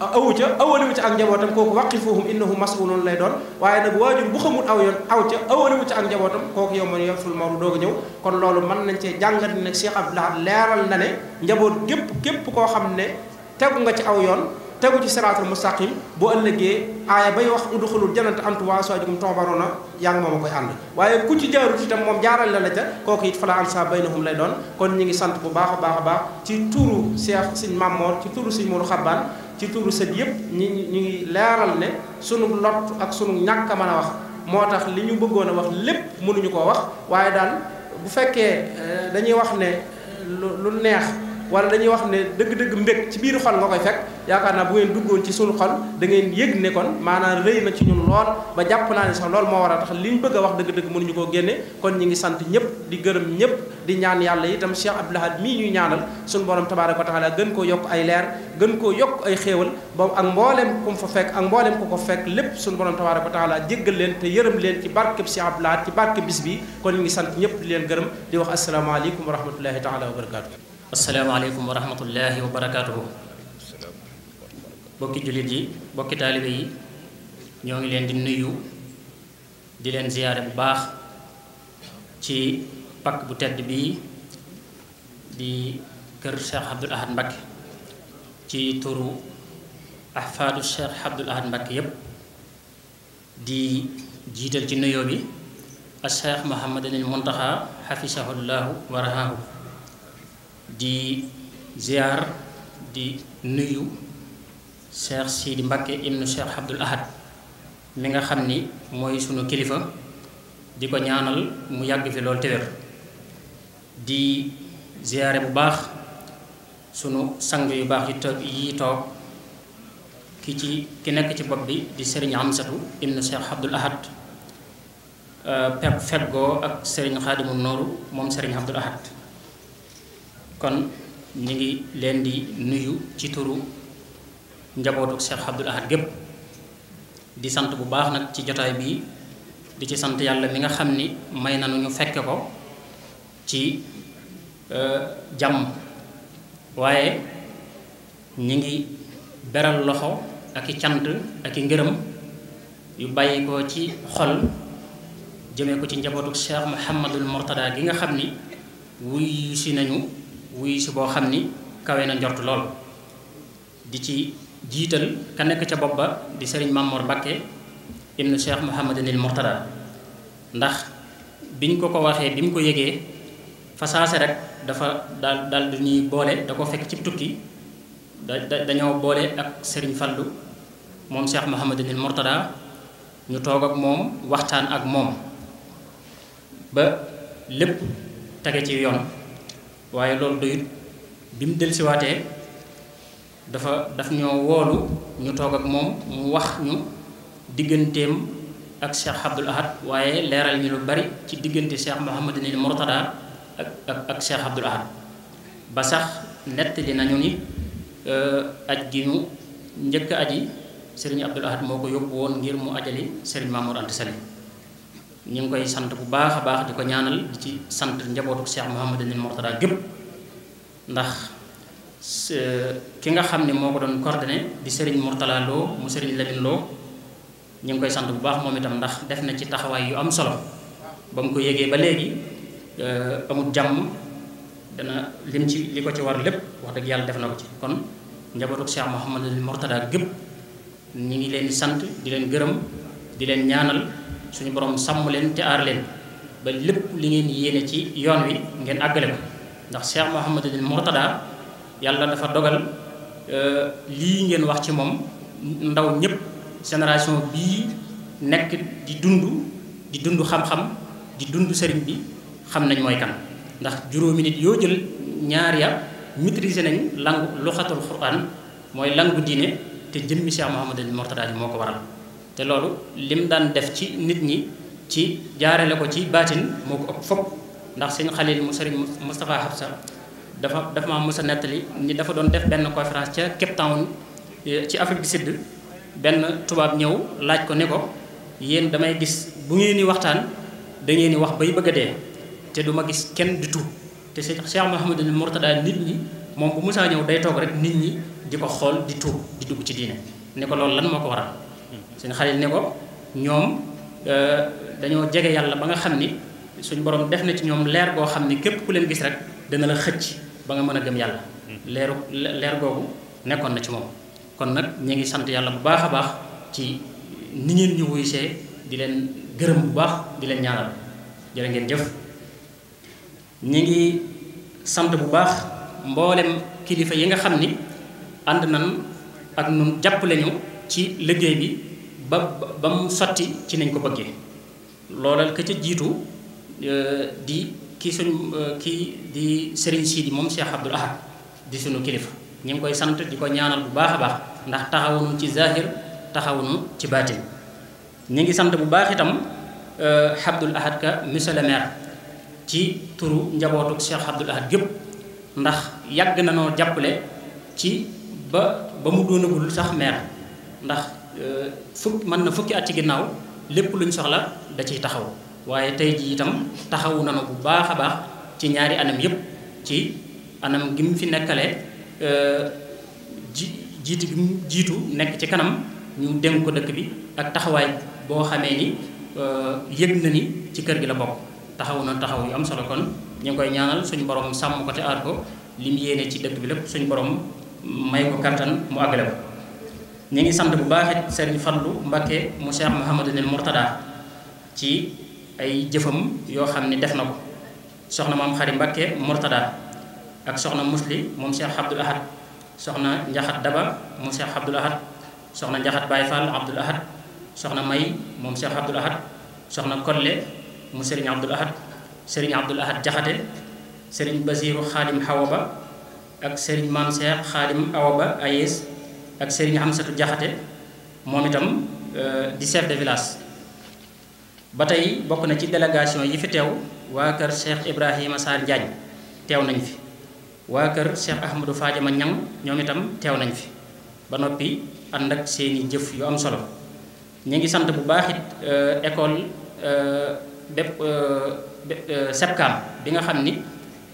Speaker 6: Ah, awu ca awaliwu ca ak njabootam kooku waqifuhum innahum mas'ulun lay doon waaye nag waajur bu xamul aw yoon aw ca awaliwu ca ak njabootam kooku yow man yomful mawru doog a ñëw kon loolu mën nañ cee jàngat ne nag Cheikh Abdou Lahad leeral na ne njaboot gépp képp koo xam ne tegu nga ci aw yoon tegu ci siraatul mustaqim boo ëllëgee aaya bay wax udxulul jannata antum wa azwaajukum tuhbaruuna yaa ngi moom a koy ànd waaye ku ci jaarut itam moom jaaral la la ca kooku it fala ansa baynahum lay doon kon ñu ngi sant bu baax a baax a baax ci turu Cheikh Sëñ Mamoor ci turu Sëñ Moodu Xabbaan ci turu set yëpp ñi ñu ngi leeral ne sunu lott ak sunu ñàkk a mën a wax moo tax li ñu bëggoon a wax lépp mënuñu koo wax waaye daal bu fekkee euh, dañuy wax ne lu neex wala dañuy wax ne dëgg-dëgg mbég ci biir xol nga koy fekk yaakaar naa bu ngeen duggoon ci suñu xol da ngeen yëg ne kon maanaam rëy na ci ñun lool ba jàpp naa ne sax lool moo war a tax li ñu bëgg a wax dëgg-dëgg mënuñu ko génne kon ñi ngi sant ñëpp di gërëm ñëpp di ñaan yàlla itam Cheikh Abdoul Ahad mii ñuy ñaanal suñu borom tabaaraka wa taala gën koo yokk ay leer gën koo yokk ay xéewal ba ak mbooleem ku fa fekk ak mbooleem ku ko fekk lép suñu borom tabaaraka wa taala jéggal leen te leen ci barkeb Cheikh Abdoul
Speaker 7: Ahad ci barke bis ñu ngi sant ñëpp leen gërëm di wax asalaamaaleykum wa rahmatullahi taala wa asalaamaaleykum wa rahmatullahi wa barakaatuhu bokki jullit yi bokki taalibe yi ñoo ngi leen di nuyu di leen ziyaare bu baax ci pakk bu tedd bii di kër Cheikh Abdoul Ahad Mbacké ci turu ahfaadu Cheikh Abdoul Ahad Mbacké yépp di jiital ci nuyoo bi ak Cheikh Mouhamadul Muntaxa xafisahullahu warahaahu di ziar di nuyu Cheikh Sidi Mbacké ibnu Cheikh Abdoul Ahad mi nga xam ni mooy sunu kilifa di ko ñaanal mu yàgg fi loolu téwér di ziare bu baax sunu sang yu baax yi toog yi ki ci ki nekk ci bopp bi di sëriñ Amsatu ibnu Cheikh Abdoul Ahad euh, pep feggoo ak sëriñ Xaadimu Nooru moom sëriñ Abdoul Ahad kon ñu ngi leen di nuyu ci turu njabootu Cheikh Abdoul Ahad gépp di sant bu baax nag ci jotaay bii di ci sant yàlla mi nga xam ni may nanu ñu fekke ko ci euh, jàmm waaye ñu ngi beral loxo ak i cant ak i ngërëm yu bàyyi ko ci xol jëmee ko ci njabootu Cheikh Mouhamadul Mourtada gi nga xam ni wuy nañu wuyu si boo xam ni kawe na njort lool di ci jiital ka nekk ca bopp ba di sëriñ Mamour Mbakke ibnu Cheikh Mouhamadinil Mourtada ndax biñ ko ko waxee bi mu ko yëgee fasaase saase rek dafa daal daal du ñuy boole da ko fekk cib tukki da dañoo boole ak sëriñ Fallu moom Cheikh Mouhamadinil Mourtada ñu toog ak moom waxtaan ak moom ba lépp tege ci yoon waaye loolu doyut bi mu dellusiwaatee dafa daf ñoo woolu ñu toog ak moom mu wax ñu digganteem ak Cheikh Abdoul Ahad waaye leeral ñu lu bari ci diggante Cheikh Mouhamadinil Mourtada ak ak ak Cheikh Abdoul Ahad ba sax nettali nañu ni euh, aj gi ñu njëkk aji Serigne Abdoul Ahad moo ko yóbbu woon ngir mu ajali Serigne Mamour Anta Sali ñu ngi koy sant bu baax a baax di ko ñaanal di ci sant njabootu Cheikh Mouhamadou Mourtada gépp ndax ki nga xam ne moo ko doon coordonné di Serigne Mourtala mu Serigne Lamine Lo ñu ngi koy sant bu baax moom itam ndax def na ci taxawaay yu am solo ba ko yëgee ba léegi euh, amul jàmm dana lim ci li ko ci war lépp wax dëgg yàlla def na ko ci kon njabootu Cheikh leen sant di leen gërëm di leen ñaanal. suñu borom sàmm leen te aar leen ba lépp li ngeen yéene ci yoon wi ngeen àggale ko ndax Cheikh Mouhamadul Mourtada yàlla dafa dogal euh, lii ngeen wax ci moom ndaw ñëpp génération bii nekk di dund di dund xam di dund sëriñ bi xam nañ mooy kan ndax juróomi nit yoo jël ñaar ya maîtriser nañ langu luxatul quran mooy langu diine te jëmmi Cheikh Mouhamadul Mourtada ji moo ko waral te loolu lim daan def ci nit ñi ci jaarale ko ci baatin moo ko ëpp fopp ndax sëñ Xalil mu sëriñ Habsa dafa dafa ma mës a nettali ni dafa doon def benn conférence ca Cape Town eh, ci Afrique du Sud benn tubaab ñëw laaj ko ne ko yéen damay gis bu ngeen di waxtaan da ngeen di wax bay bëgg a dee te du ma gis kenn di tuub te sëñ Cheikh Mouhamadul Mourtada nit ñi moom bu musaa ñëw day toog rek nit ñi di ko xool di tuub di dugg ci diine ne ko loolu lan moo ko waral. sëñ Xalil ne ko ñoom euh, dañoo jege yàlla ba nga xam ni suñu borom def na ci ñoom leer goo xam ni képp ku leen gis rek dana la xëcc ba nga mën a gëm yàlla. Mm-hmm. leeru leer googu nekkoon na ci moom kon nag ñu ngi sant yàlla bu baax a baax ci ni ngeen ñu wuysee di leen gërëm bu baax di leen ñaanal jërë ngeen jëf ñu ngi sant bu baax mboolem kilifa yi nga xam ni ànd nan ak ñun jàppale ñu. ci liggéey bi ba ba mu sotti ci nañ ko bëggee loolal ka ca jiitu euh, di kii suñu euh, kii di Serigne Sidi moom Cheikh Abdoul Ahad di suñu kilifa ñu ngi koy sant di ko ñaanal bu baax a baax ndax taxawunu ci zahir taxawunu ci baatin ñu ngi sant bu baax itam euh, Abdoul Ahad ka monsieur ci turu njabootu Cheikh Abdoul Ahad gépp ndax yàgg na noo jàppale ci ba ba mu doonagul sax maire ndax euh, fukk mën na fukki at ci ginnaaw lépp luñ soxla da ciy taxaw waaye tey ji itam taxawu nanu bu baax a baax ci ñaari anam yëpp ci anam gi mu fi nekkale euh, ji jiitu gi mu jiitu nekk ci kanam ñu dénk ko dëkk bi ak taxawaay boo xamee ni euh, yëg na ni ci kër gi la bokk taxaw na taxaw yu am solo kon ñu ngi koy ñaanal suñ borom sàmm ko te aar ko li mu yéene ci dëkk bi lépp suñu borom may ko kattan mu àggale ko ñu ngi sant bu baax it Serigne Fallou Mbacké mu Cheikh Mouhamadul Mourtada ci ay jëfam yoo xam ni def na ko soxna maam Xari Mbacké Mourtada ak soxna Musli moom Cheikh Abdoul Ahad soxna Njaxat Daba mu Cheikh Abdoul Ahad soxna Njaxat Baye soxna May moom Cheikh Abdoul Ahad soxna Kolle mu Serigne Abdoul Ahad Serigne Abdoul Ahad Jaxate Serigne Basiru Xaadim Xawaba ak Serigne Maam Cheikh Xaadim Awaba Ayes ak Serigne Amsatou Diakhaté moom itam euh, di chef de village ba tey bokk na ci délégation yi fi teew waa kër Cheikh Ibrahima Sarr Diagne teew nañ fi waa kër Cheikh Ahmadou Fadiama Niang ñoom itam teew nañ fi ba noppi ànd ak seeni jëf yu am solo ñu ngi sant bu baax it euh, école euh, bépp sepkaam bi nga xam ni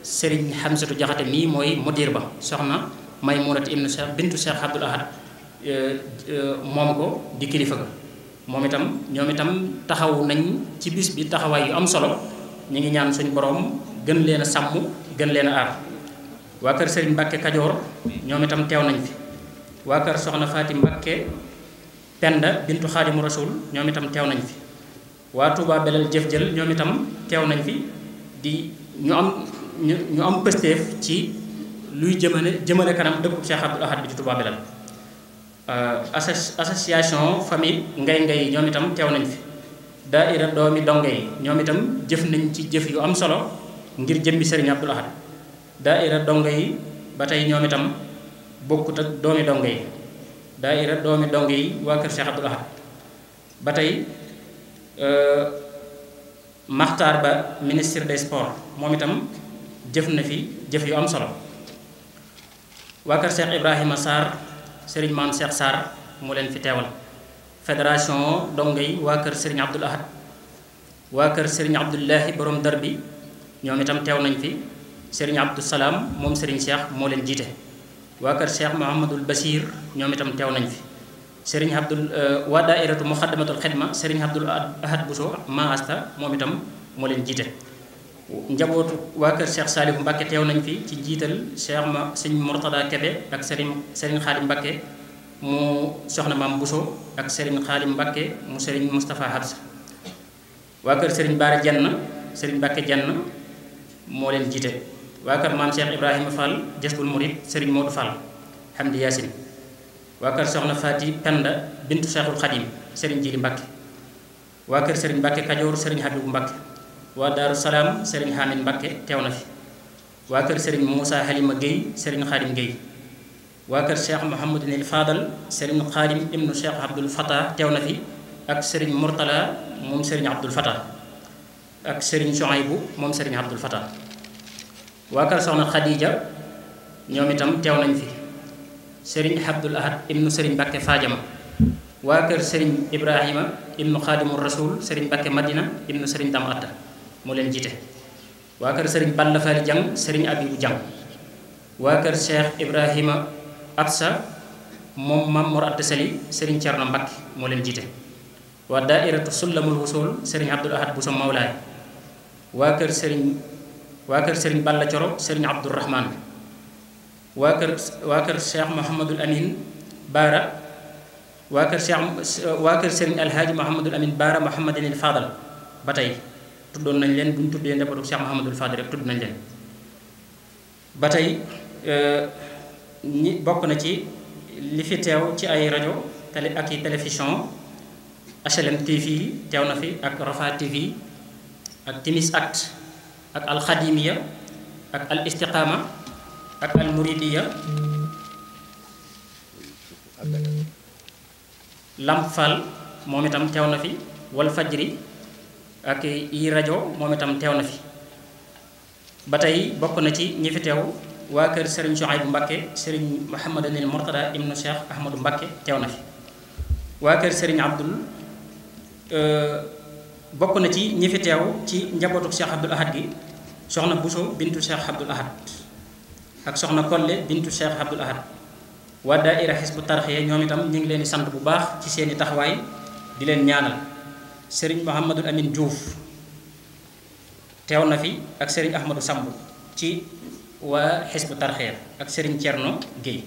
Speaker 7: Serigne Amsatou Diakhaté mii mooy modir ba soxna Maymunatu ibnu Cheikh bintu Cheikh Abdoul Ahad eh, eh, moom ko di kilifa ga moom itam ñoom itam taxawu nañ ci bis bi taxawaay yu am solo ñu ngi ñaan suñu boroom gën leen a sàmm gën leen a aar waa kër Serigne Mbacke Kajoor ñoom itam teew nañ fi waa kër Soxna Faati Mbacke Penda bintu Xaadimu Rasul ñoom itam teew nañ fi waa Touba Belel jëf jël ñoom itam teew nañ fi di ñu am ñu am pësteef ci luy jëmale jëmale kanam dëkku Cheikh Abdoul Ahad bi la Touba Belel euh, association famille ngay ngay ñoom itam teew nañ fi daa daaira doomi donge yi ñoom itam jëf nañ ci jëf yu am solo ngir jëmbi Serigne Abdoul Ahad daaira donge yi ba tey ñoom itam bokkut ak doomi donge yi daaira doomi donge yi waa kër Cheikh Abdoul Ahad ba tey euh, maxtar Ba ministre des sports moom itam jëf na fi jëf yu am solo waa kër Cheikh Ibrahima Sarr Serigne Maam Cheikh Sarr moo leen fi teewal fédération dongo yi waa kër Serigne Abdoul Ahad waa kër Serigne Abdoulahi borom dër bi ñoom itam teew nañ fi Serigne Abdou salaam moom Serigne Cheikh moo leen jiite. waa kër Cheikh Mouhamadul Basir ñoom itam teew nañ fi Serigne Abdoul euh, waa daairatu Muxaddamatul Xidma Serigne Abdoul Ahad Bousso Maasta moom itam moo leen jiite. njabootu waa kër Cheikh Saliou Mbacke teew nañ fi ci jiital Cheikh ma sëñ Mourtada Kebe ak Serigne Serigne Khadim Mbacke mu soxna maam Bousso ak sëriñ Khadim Mbacke mu Serigne mustafa Habsa waa kër Serigne Bara Dianna Serigne Mbacke Dianna moo leen jiite waa kër maam Cheikh Ibrahima Fall Jazbul Murid Serigne Modou Fall Hamdi Yacine waa kër soxna Fati Penda bintu Cheikhul Khadim Serigne Jili Mbacke waa kër Serigne Mbacke Kajoor Serigne Habibou Mbacke waa daaru salaam sëriñ Hamid Mbakke teew na fi waa kër sëriñ Moussa Halima Guèye sëriñ Xaadim Guèye waa kër cheikh Mouhamadou Nil Fadal sëriñ Xaadim ibnu cheikh Abdoul Fatah teew na fi ak sëriñ Mourtala moom sëriñ Abdoul Fatah ak sëriñ Souaybou moom sëriñ Abdoul Fatah waa kër soxna Khadija ñoom itam teew nañ fi sëriñ Abdoul Ahad ibnu sëriñ Mbakke Fadiama waa kër sëriñ Ibrahima ibnu Xaadimul Rasul sëriñ Mbakke Madina ibnu sëriñ Dam Atta moo leen jiite waa kër sëriñ Balla Fall jang sëriñ Abibu jang waa kër Cheikh Ibrahima Absa moom Mam Mor Anta Sali sëriñ Cerno Mbakke moo leen jiite waa daairatu Sullamul Wusul sëriñ Abdul Ahad Bousso Mawlaay waa kër sëriñ waa kër sëriñ Balla Coro sëriñ Abdourahman waa waa kër waa kër sëriñ Alhaaji Mouhamadul Amin Baara Mouhamadul Fadal ba tey tuddoon nañ leen bu ñu tuddee njabootu Cheikh Mouhamadul Fadil rek tudd nañ leen ba tey euh, ñi bokk na ci li fi teew ci ay rajo télé ak i télévision HLM TV teew na fi ak Rafa TV ak Timis Act ak Al Khadimiya ak Al Istiqama ak Al Muridiya Lamp Fall moom itam teew na fi Wal Fajri ak yi rajo moom itam teew na fi ba tey bokk na ci ñi fi teew waa kër Serigne Souhaïbou Mbacké Serigne Mouhamadanil Mourtada ibnu Cheikh Ahmadou Mbacké teew na fi waa kër Serigne Abdoul euh, bokk na ci ñi fi teew ci njabootu Cheikh Abdoul Ahad gi soxna Bousso bintu Cheikh Abdoul Ahad ak soxna Kolle bintu Cheikh Abdoul Ahad waa daaira Hizbut Tarqiyyah ñoom itam ñu ngi leen di sant bu baax ci seeni taxawaay di leen ñaanal sëriñ Mouhamadul Amin Diouf teew na fi ak sëriñ Ahmadou Samb ci waa xisbu tarxeer ak sëriñ Thierno géey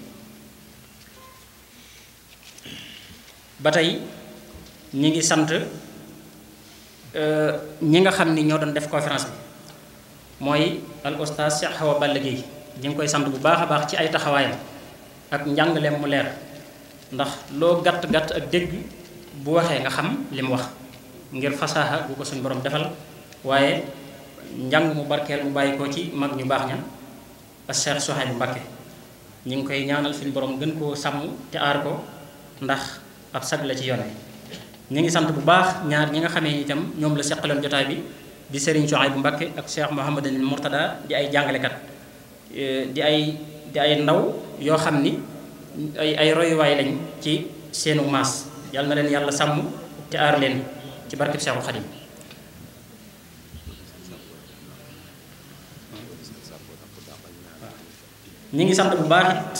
Speaker 7: ba tey ñi ngi sant euh, ñi nga xam ni ñoo doon def conférence bi mooy al oustaz Cheikh Awa Balla Guèye ñi ngi koy sant bu baax a baax ci ay taxawaayam ak njàngaleem mu leer ndax loo gàtt gàtt ak dégg bu waxee nga xam li mu wax ngir fasaaxa bu ko suñ borom defal waaye njàng mu barkeel mu bàyyi ko ci mag ñu baax ña ak Cheikh bu Mbacké ñu ngi koy ñaanal suñ borom gën koo sàmm te aar ko ndax ab sag la ci yoon wi ñu ngi sant bu baax ñaar ñi nga xamee itam ñoom la seqaloon jotaay bi di Serigne Souhaïbou Mbacké ak Cheikh Mouhamadou Mourtada di ay jàngalekat di ay di ay ndaw yoo xam ni ay ay royuwaay lañ ci seenu maas yàlla na leen yàlla sàmm te aar leen ci barkeb Seexul Xadim ñi ngi sant bu baax it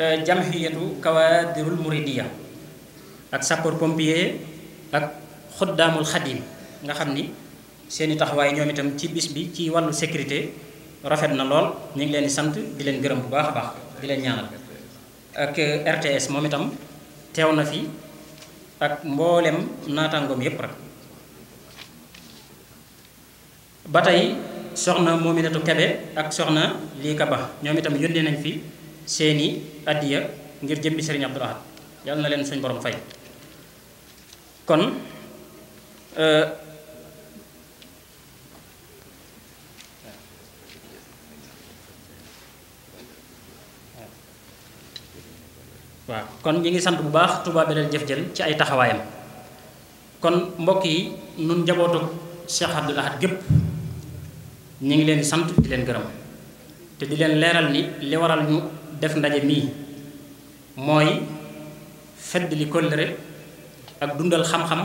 Speaker 7: euh, jamhiyatu kawaadirul muridiya ak sapeur pompier ak xoddaamul xadim nga xam ni seeni taxawaay ñoom itam ci bis bi ci wàllu sécurité rafet na lool ñu ngi leen di sant di leen gërëm bu baax a baax di leen ñaanal ak euh, RTS moom itam teew na fi. ak mboolem naataangoom yépp rek ba tey soxna Mominatou Kebe ak soxna lii Kaba ñoom itam yónnee nañ fi seeni addiya ngir jëmbi Serigne Abdoul Ahad na leen suñ borom fay kon euh, waaw kon ñi ngi sant bu baax Touba Belel Jëf Jël ci ay taxawaayam kon mbokk yi nun njabootu Cheikh Abdoul Ahad gépp ñu ngi leen di sant di leen gërëm te di leen leeral ni li waral ñu def ndaje mii mooy fedd li kóllëre ak dundal xam-xam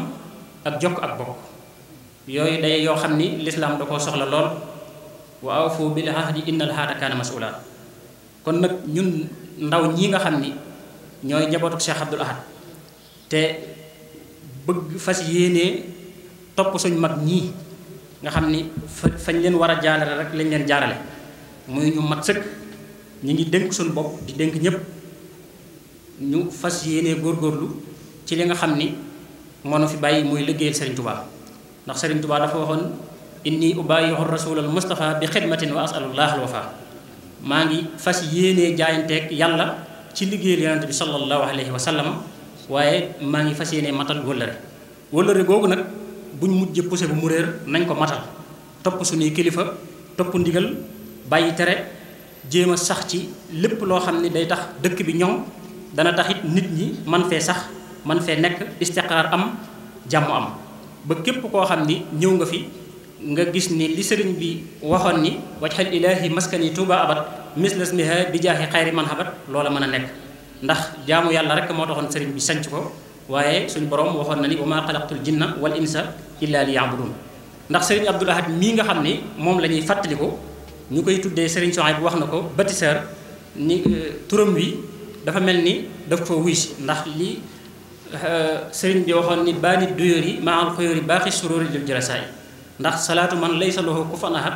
Speaker 7: ak jokk ak bokk yooyu day yoo xam ni lislaam da koo soxla lool wa awfu bil ahdi innal ahda kaana mas'uula kon nag ñun ndaw ñi nga xam ni ñooy njabootu Cheikh Abdoul Ahad te bëgg fas yéenee topp suñ mag ñii nga xam ni fa fañ leen war a jaarale rek lañ leen jaarale muy ñu mat sëkk ñu ngi dénk suñu bopp di dénk ñëpp ñu fas góor góorgóorlu ci li nga xam ni mono fi bàyyi muy liggéeyal Serigne Touba ndax Serigne Touba dafa waxoon inni ubayihu rasulal Mustafa bi xidmatin wa asalullah al wafa maa ngi fas yéenee jaayanteeg yàlla ci liggéeyal yonent bi sallallahu alayhi wa sallam waaye maa ngi fas yéene matal wëllëre wëllëre googu nag buñ mujjee poussé bu mu nañ ko matal topp suñuy kilifa topp ndigal bàyyi tere jéem a sax ci lépp loo xam ne day tax dëkk bi ñoŋ dana taxit nit ñi man fee sax man fee nekk istiqraar am jàmm am ba képp koo xam ni ñëw nga fi nga gis ni li sëriñ bi waxoon ni wajhal ilaahi maskani tuuba abat mislas miha bi jaaxi xayri man habat loola mën a nekk ndax jaamu yàlla rek moo taxoon sëriñ bi sanc ko waaye suñu borom waxoon na ni wa maa xalaqtul jinna wal insa illa li yaabudun ndax sëriñ Abdul Ahad mii nga xam ni moom la ñuy fàttaliku ñu koy tuddee sëriñ Sohaib bu wax na ko bâtisseur ni euh, turam wi dafa mel ni daf ko wuy si ndax li euh, sëriñ bi waxoon ni baanit duyóor yi maa al xoyóor yi baaxi suróori jël jëlasaay ndax salaatu man laysa lahu kufan ahad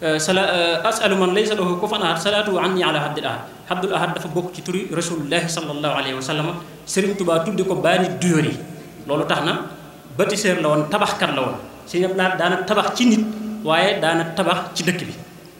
Speaker 7: Euh, sala euh, asalu man laysa lahu kufuwan ahad salaatu anni ala abdul ahad abdul dafa bokk ci turi rasulullahi sallallahu alayhi wa sallam Serigne Touba tudde ko baani duyóor yi loolu tax na bâtisseur la woon tabaxkat la woon si ñëpp daana tabax ci nit waaye daana tabax ci dëkk bi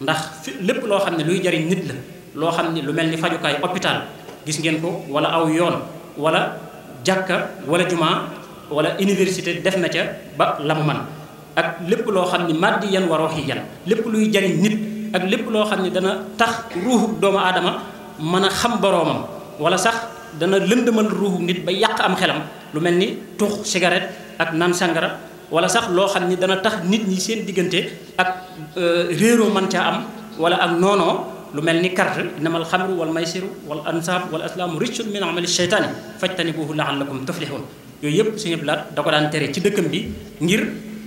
Speaker 7: ndax lépp loo xam ne luy jariñ nit la loo xam ne lu mel ni fajukaay hôpital gis ngeen ko wala aw yoon wala jàkka wala jumaa wala université def na ca ba la mu man ak lépp loo xam ni maddi yan wa ruhiyan lépp luy jariñ nit ak lépp loo xam ni dana tax ruuxu doomu aadama mën a xam boroomam wala sax dana lëndëmal ruuxu nit ba yàq am xelam lu mel ni tux cigarette ak naan sàngara wala sax loo xam ni dana tax nit ñi seen diggante ak euh, réeroo man caa am wala ak noonoo lu mel ni carte innamal xamru wal maysiru wal ansaab wal aslaamu rijsun min amali sheytaani fajtanibuhu laallakum tuflihun yooyu yëpp kom laat da ko daan tere ci dëkkam bi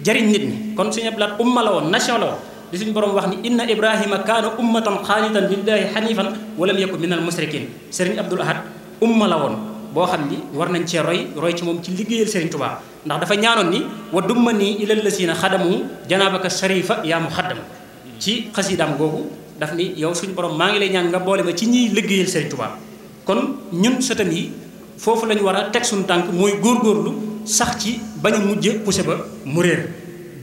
Speaker 7: jariñ nit ñi kon suñu blaat umma la woon nation la woon li suñu borom wax ni inna ibrahima kaana ummatan xaanitan lillahi xanifan walam yakun min al musrikin sëriñ abdul ahad umma la woon boo xam ni war nañ cee roy roy ci moom ci liggéeyal sëriñ tubaa ndax dafa ñaanoon ni wa dumma nii ilal lasina xadamu janaabaka sharifa yaa mu xaddam ci xasiidaam googu daf ni yow suñu borom maa ngi lay ñaan nga boole ma ci ñuy liggéeyal sëriñ tubaa kon ñun sëtam yi foofu la war a teg suñu tànk mooy góorgóorlu sax ci bañ a mujje poussé ba mu réer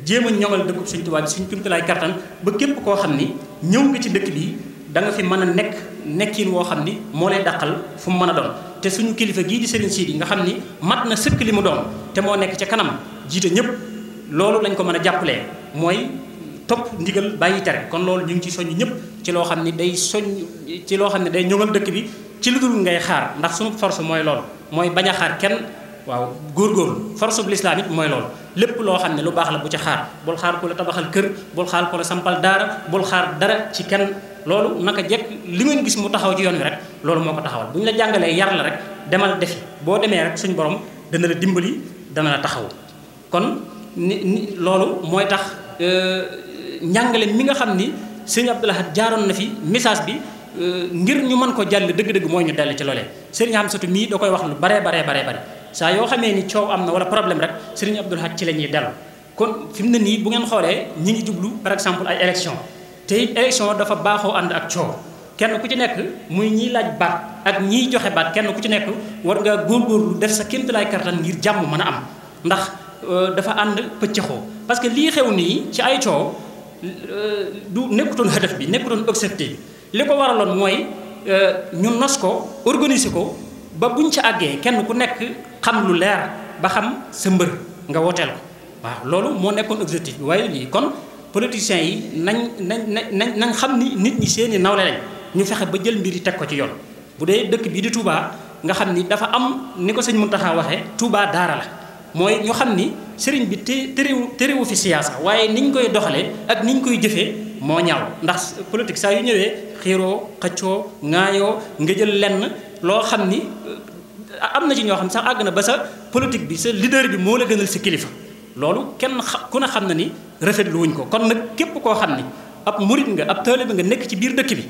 Speaker 7: jéem a ñoŋal dëkkub Sëñ Tuubaa bi suñ kéemtalaay kattan ba képp koo xam ni ñëw nga ci dëkk bi danga nga fi mën a nekk nekkiin woo xam ni moo lay daqal fu mu mën a doon te suñu kilifa gii di Serigne Sidi nga xam ni mat na sëkk li mu doon te moo nekk ca kanam jiite ñëpp loolu lañ ko mën a jàppalee mooy topp ndigal bàyyi tere kon loolu ñu ngi ci soññ ñëpp ci loo xam ni day soñ ci loo xam ne day ñoŋal dëkk bi ci lu dul ngay xaar ndax suñu force mooy loolu waaw góorgóorlu force bu lislaam mooy loolu lépp loo xam ne lu baax la bu ci xaar bul xaar ku la tabaxal kër bul xaar ko la sampal daara bul xaar dara ci kenn loolu naka jekk li ngeen gis mu taxaw ci yoon wi rek loolu moo ko taxawal bu ñu la jàngalee yar la rek demal defi boo demee rek suñ borom dana la dimbali dana la taxaw kon ni ni loolu mooy tax euh, njàngale mi nga xam ni sëñ Abdou Lahad jaaroon na fi message bi euh, ngir ñu man ko jàll dëgg-dëgg mooy ñu dell ci loolee sëriñ Amsatu mii da koy wax lu baree baree baree bare saa yoo xamee ni coow am na wala problème rek Serigne Abdoul Ahad ci la ñuy dellu kon fi mu ne nii bu ngeen xoolee ñi ngi jublu par exemple ay élection te élection dafa baaxoo ànd ak coow kenn ku ci nekk muy ñiy laaj baat ak ñiy joxe baat kenn ku ci nekk war nga góorgóorlu def sa kéemtalaay kartan ngir jàmm mën a am ndax euh, dafa ànd pëccëxoo parce que lii xew nii ci ay coow euh, du nekkutoon hadaf bi nekkutoon objectif bi li ko waraloon mooy euh, ñu nos ko organiser ko ba bu ñu ci àggee kenn ku nekk xam lu leer ba xam sa mbër nga wooteel ko waaw loolu moo nekkoon objectif bi waaye lii kon politiciens yi nañ nañ nañ nañ xam ni nit ñi seeni nawle lañ ñu fexe ba jël mbir yi teg ko ci yoon bu dee dëkk bii di Touba nga xam ni dafa am ni ko sëñ taxa waxee Touba daara la mooy ñu xam ni sëriñ bi te terewu terewu fi siyaasa waaye niñ koy doxalee ak niñ koy jëfee moo ñaaw ndax politique saa yu ñëwee xiiroo xëccoo ŋaayoo nga jël lenn loo xam ni euh, am na ci ñoo xam sax àgg na ba sa politique bi sa leader bi moo la gënal si kilifa loolu kenn xa ku ne xam na ni rafetlu wuñ ko kon nag képp koo xam ni ab murit nga ab taalibe nga nekk ci biir dëkk bi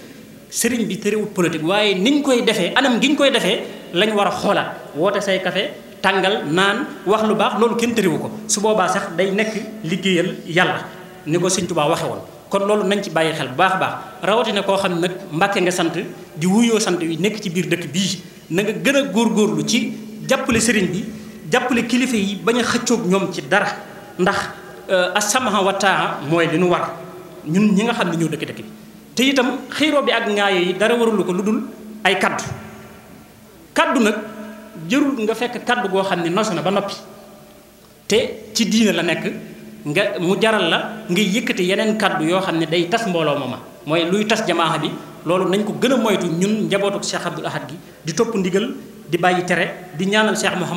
Speaker 7: sëriñ bi terewut politique waaye niñ koy defee anam gi ñu koy defee lañ war a xoolaat woote say kafe tàngal naan wax lu baax loolu kenn terewu ko su boobaa sax day nekk liggéeyal yàlla ni ko sëñ Tuubaa waxe woon kon loolu nañ ci bàyyi xel bu baax a baax rawatina koo xam ne nag mbàkke nga sant di wuyoo sant wi nekk ci biir dëkk bii nanga gën a góor góorgóorlu ci jàppale sëriñ bi jàppale kilifa yi bañ a xëccoog ñoom ci dara ndax euh, asamaha wa mooy li nu war ñun ñi nga xam ne ñoo dëkk dëkk bi te itam xiiro bi ak ngaayo yi dara warulu ko lu dul ay kàddu kàddu nag jërul nga fekk kaddu goo xam ne nosu na ba noppi te ci diine la nekk nga mu jaral la ngay yëkkati yeneen kàddu yoo xam ne day tas mbooloo ma ma mooy luy tas jamaaxa bi loolu nañ ko gën a moytu ñun njabootuk Cheikh Abdoul Ahad gi di topp ndigal di bàyyi tere di ñaanal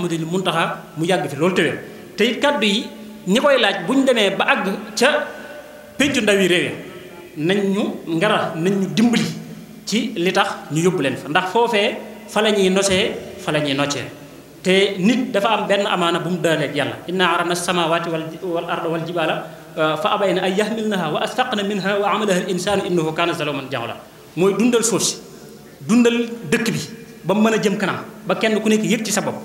Speaker 7: ni mun taxa mu yàgg fi loolu tëwél te tey kàddu yi ñi koy laaj bu ñu demee ba àgg ca péncu ndawi réew nañ ñu ngara nañ ñu dimbali ci li tax ñu yóbbu leen fa ndax foofee fa la ñuy nosee fa la ñuy noccee te nit dafa am benn amaana bu mu daaleeg yàlla inna arana samawati wal arda wal jibala uh, fa na ay yahmilnaha wa asfaqna minha wa amalaha al insanu innahu kana zaluman jahula mooy dundal suuf dundal dëkk bi ba mu mën a jëm kanam ba kenn ku nekk yëg ci sa bopp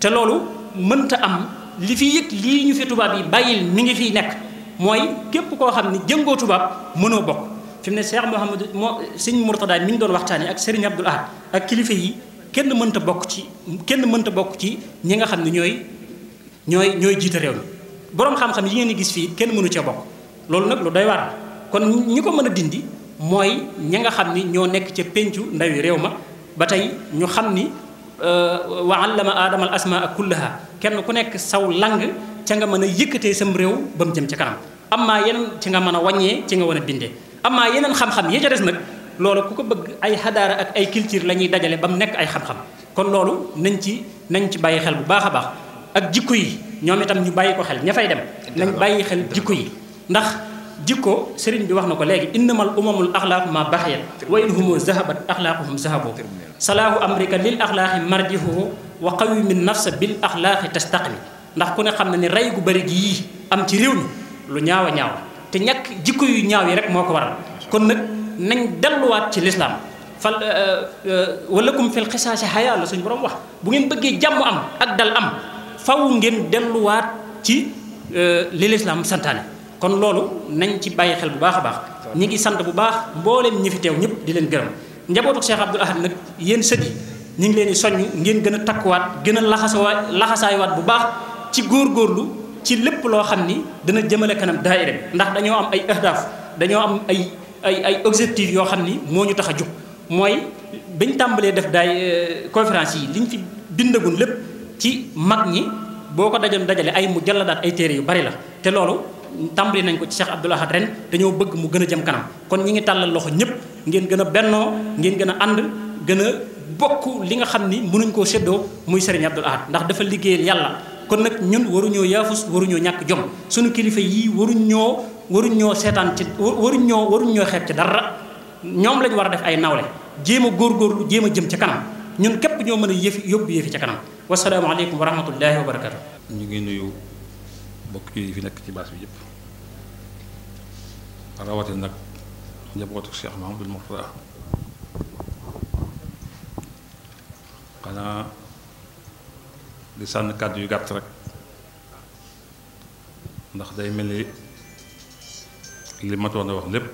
Speaker 7: te loolu mënta am li fi yëg lii ñu fi tubaab yi bàyyil mu ngi fiy nekk mooy képp koo xam ni jëngoo tubaab mënoo bokk fi mu ne Cheikh Mouhamadou moo sëñ Mourtada mi ñu doon waxtaanee ak Serigne Abdoul Ahad ak kilifa yi kenn mënta bokk ci kenn mënta bokk ci ñi nga xam ne ñooy ñooy ñooy jiite réew mi boroom xam-xam yi ngeen di gis fii kenn mënu ca bokk loolu nag lu doy waar kon ñi ko mën a dindi mooy ñi nga xam ni ñoo nekk ca péncu ndawi réew ma ba tey ñu xam ni euh, la ma aadama al asmaa kullaha kenn ku nekk saw lang ca nga mën a yëkkatee sam réew ba mu jëm ca kanam am maa yeneen ci nga mën a wàññee ci nga mën a bindee am maa yeneen xam-xam ya ca des nag loolu ku ko bëgg ay xadaara ak ay culture la ñuy dajale ba mu nekk ay xam-xam kon loolu nañ ci nañ ci bàyyi xel bu baax a baax ak jikko yi ñoom itam ñu bàyyi ko xel ña fay dem nañ bàyyi xel jikko yi ndax jikko sëriñ bi wax na ko léegi innamal umamul axlaaqu ma baxiyat wa in humu zahabat axlaaquhum zahaboo salaahu amrika lil axlaaqi marjihu wa qawi min nafsa bil axlaaqi tastaqmi ndax ku ne xam na ne rey gu bëri gi yii réew mi lu ñaaw ñaaw te ñàkk jikko yu ñaaw yi rek moo ko waral kon nag nañ delluwaat ci lislaam fal euh, euh, walakum fil xisaasi xayaa la suñu borom waa bu ngeen bëggee jàmm am ak dal am faw ngeen delluwaat ci euh, li lislaam santaane kon loolu nañ ci bàyyi xel bu baax a baax ñi ngi sant bu baax mbooleem ñi fi teew ñëpp di leen gërëm njabootu Cheikh Abdoul Ahad nag yéen sët ñu ngi leen di soññ ngeen gën a takkuwaat gën a laxasaay waat bu baax ci góor góorgóorlu ci lépp loo xam ni dana jëmale kanam daayira bi ndax dañoo am ay ahdaaf dañoo am ay ay ay objectifs yoo xam ni moo ñu tax a jóg mooy bañ tàmbalee def daay euh, conférence yi liñ ci bindagun lépp ci mag ñi boo ko dajoon dajale ay mu jàlladaat ay téere yu bari la te loolu. tàmbalee nañ ko ci Cheikh Abdoul Ahad ren dañoo bëgg mu gën a jëm kanam kon ñi ngi tàllal loxo ñëpp ngeen gën a bennoo ngeen gën a ànd gën a bokk li nga xam ni mënuñ koo seddoo muy Serigne Abdoul Ahad ndax dafa liggéeyal yàlla kon nag ñun waruñoo yaafus waruñoo ñàkk jom waruñ ñoo seetaan ci waruñ ñoo waruñ ñoo xeeb ci dara ñoom lañ war a def ay nawle jéem a góorgóorlu jéem a jëm ci kanam ñun képp ñoo mën a yëfi yóbbu yëfi ca kanam wasalaamaaleykum wa rahmatullahi wa barakatu
Speaker 8: ñu ngi nuyu mbokk yi fi nekk ci baas bi yëpp rawati nag njabootu Cheikh Mahamadul Murtada xanaa di sànn kàddu yu gàtt rek ndax day mel ni li matoon a wax lépp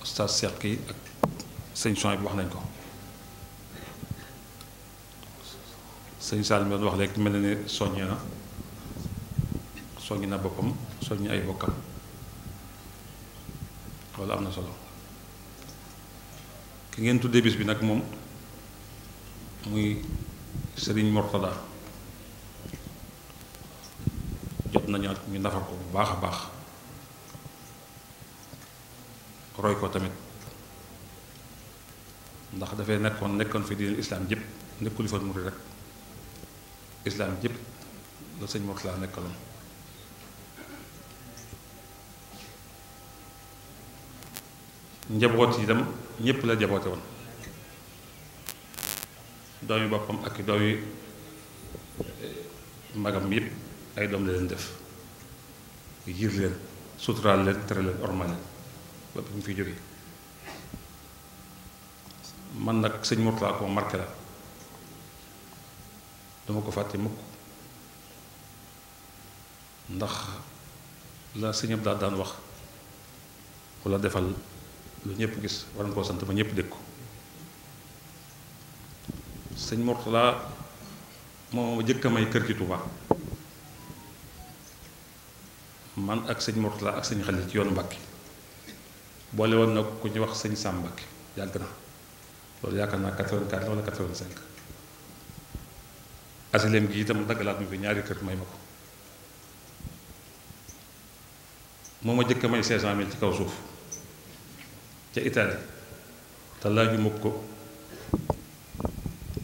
Speaker 8: Oustaz Seck yi ak sëñ Soin bi wax nañ ko sëñ Salim doon wax léegi mel na ne soññee na soññ na boppam soññ ay bokkam loolu am na solo ki ngeen tuddee bis bi nag moom muy sëriñ Mortada jot nañu ak ñu nafar ko bu baax a baax roy ko tamit ndax dafay nekkoon nekkoon fi diineel islaam jëpp nekkul fa murid rek islaam jëpp la sëñ Murtala nekkaloon njaboot yi itam ñëpp la jaboote woon doom yi boppam ak doom yi eh, magam yëpp ay doom la leen def yiir leen suturaal leen tere leen ormal ba bi mu fi jógee man nag sëñ Mourtala ko marqué la dama ko fàtte mukk ndax la sëñ Abdou daan wax ku defal lu ñëpp gis war koo sant ba ñëpp dégg ko sëñ Mourtala moo ma jëkk may kër ci Touba man ak sëñ Mourtala ak sëñ Xalil ci yoonu Mbàkke boole woon na ku ñuy wax sëñ Sàmbake yàgg na loolu yaakaar naa 84 wala 85 asilem gi itam daggalaat ma fi ñaari kër may ma ko moo ma jëkk may 500000 ci kaw suuf ca Italie te laaju ma ko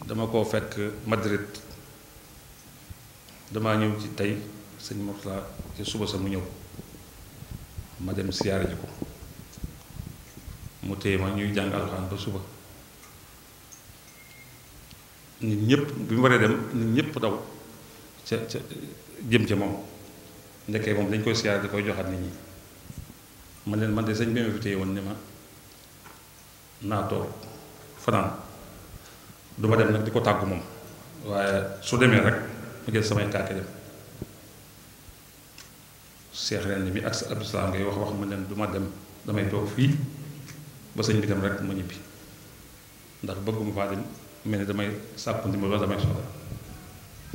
Speaker 8: dama koo fekk Madrid damaa ñëw ci tey sëñ Mortala ci suba sa mu ñëw ma dem siyaare ji ko mu téye ma ñuy jàngal alxuraan ba suba nit ñëpp bi mu waree dem nit ñëpp daw ca ca jëm ca moom ndekkee moom dañ koy siyaar di koy joxaat nit ñi man leen man de sëñ bi woon ni ma naa toog fanaan dem di ko tàggu moom waaye su demee rek ma jël samay kaake dem seex ren mi ak sa Abdou Salaam ngay wax wax ma leen du ma dem damay toog fii ba sëñ bi dem rek mu ñibbi ndax bëgguma faa dem mel ni damay sàpp ndimbal wala damay soxla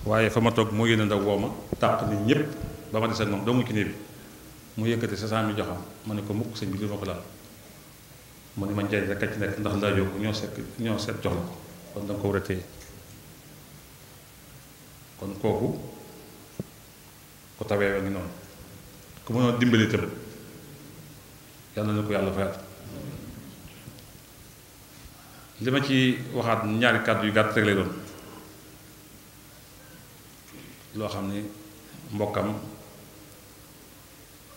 Speaker 8: waaye fa ma toog moo yéene ndaw woo ma tàq ni ñëpp ba ma des ak moom doomu ci néeg bi mu yëkkati sa bi jox joxam ma ne ko mukk sëñ bi du ko laal mu ne ma njëriñ rek a ci nekk ndax laajoo ko ñoo sekk ñoo seet jox la ko kon danga ko war a téye kon kooku ku tawee wa ngi noonu ku mënoon dimbali itam yàlla na ko yàlla fayaat li ma ci waxaat ñaari kàddu yu gàtt rek lay doon loo xam ni mbokkam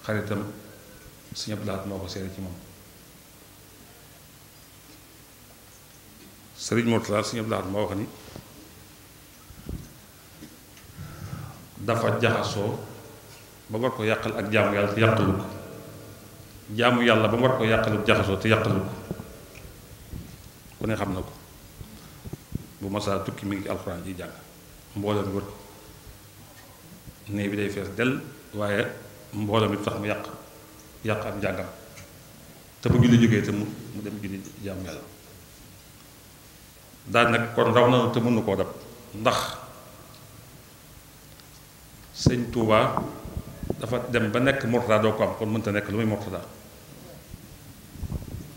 Speaker 8: xaritam Sëñ Abdou Lahad moo ko seere ci moom Sëriñ Mourtala Sëñ Abdou Lahad moo wax ni dafa jaxasoo ba war ko yàqal ak jaamu yàlla te yàqalu ko jaamu yàlla ba mu war ko yàqalu jaxasoo te yàqalu ko ku xam na ko bu masaa tukki mi ngi ci alxuraan ji jàng mboolem wër néeg bi day fees dell waaye mboolem bi tax mu yàq yàq am njàngam te bu julli jógee te mu mu julli jàmm yàlla daal nag kon raw na te mënu koo dab ndax sëñ Touba dafa dem ba nekk Mourtada doo ko am kon mënta nekk lu muy Mourtada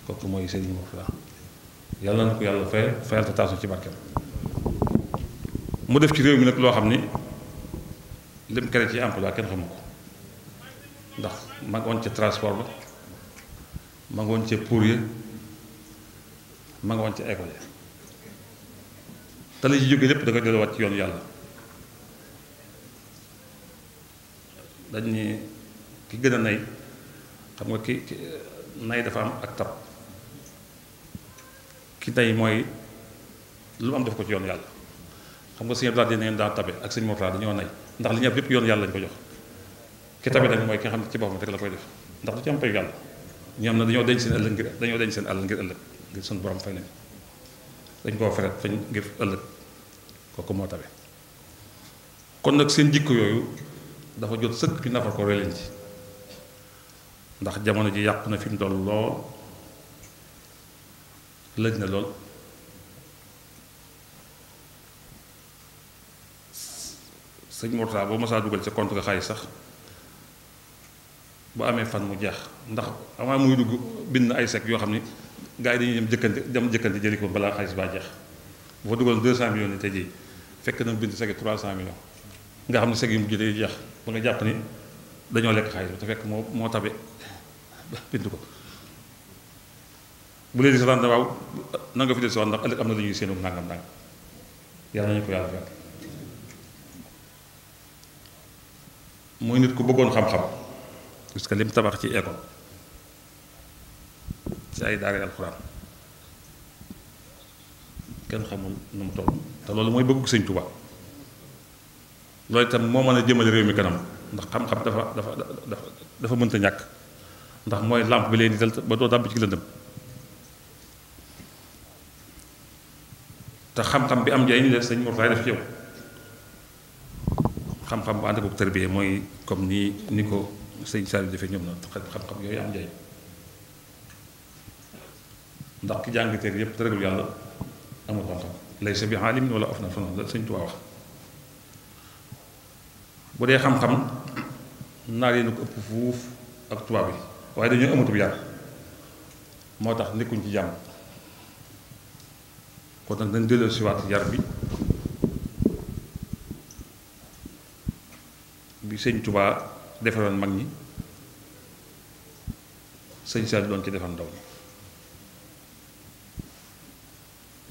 Speaker 8: kooku mooy sëriñ Mourtada yàlla na ko yàlla fayal fayal te ci barkeem mu def ci réew mi nag loo xam ni lim créé ci emploi kenn xamu ko ndax ma ngi woon ca transport ba ma ngi woon ca pourrier ma ngi woon ca école te ci jóge lépp da koy delluwaat ci yoon yàlla dañ ni ki gën nay xam nga ki nay dafa am ak tab ci tey mooy lu am def ko ci yoon yàlla xam nga sëñ daal di ngeen daa sëñ Mortalla dañoo nay ndax li ñu lépp yoon yàlla ko jox ki tabe nag mooy ki xam ne ci boppam rek la koy def ndax du ci am payu yàlla ñoom nag dañoo denc seen ëllëg ngir dañoo denc seen àll ngir ëllëg ngir suñu borom fay nañ dañ koo feret fañ ngir ëllëg kooku moo tabe kon nag seen jikko yooyu dafa jot sëkk ñu nafar ko ree leen ndax jamono ji yàqu na fi mu toll lool lëj na lool sëñ Mourtada boo masaa dugal ci compte nga xaalis sax bu amee fan mu jeex ndax avant muy dugg bind ay sec yoo xam ni gars yi dañuy dem jëkkante dem jëkkante jëli ko balaa xaalis baa jeex bu fa dugal 200 millions ni tey jii fekk na bind sec 300 millions nga xam ne sec yu mujj day jeex ba nga jàpp ni dañoo lekk xaalis ba te fekk moo moo tabe bind ko bu leen di seetaan waaw na nga fi dee si ndax ëllëg am na lu ñuy séenu nangam nangam yàlla nañu ko yàlla fekk muy nit ku bëggoon xam-xam parce que lim tabax ci école ci ay daara alxuraan kenn xamul nu mu toll te loolu mooy bëggu sëñ Tuubaa loolu itam moo mën a jëmale réew mi kanam ndax xam-xam dafa dafa dafa dafa mënta ñàkk ndax mooy làmp bi leen di dal ba doo dàmb ci lëndëm te xam-xam bi am njëriñ la sëñ Mourtada def ci yow xam-xam bu ànd boobu tarbiyee mooy comme ni ni ko sëñ Saliou defee ñoom na xam-xam yooyu am njëriñ ndax ki jàng téere yëpp te ragul yàlla amul xam-xam lay sañ bi aalim bu dee xam-xam naar yi ko ëpp fuuf ak tubaab yi waaye dañoo amatul yar moo tax nekkuñ ci jàmm boo nag dañ delloo si waat yar bi bi sëñ tubaa defaroon mag ñi sëñ Saaliw doon ci defar ndaw ñi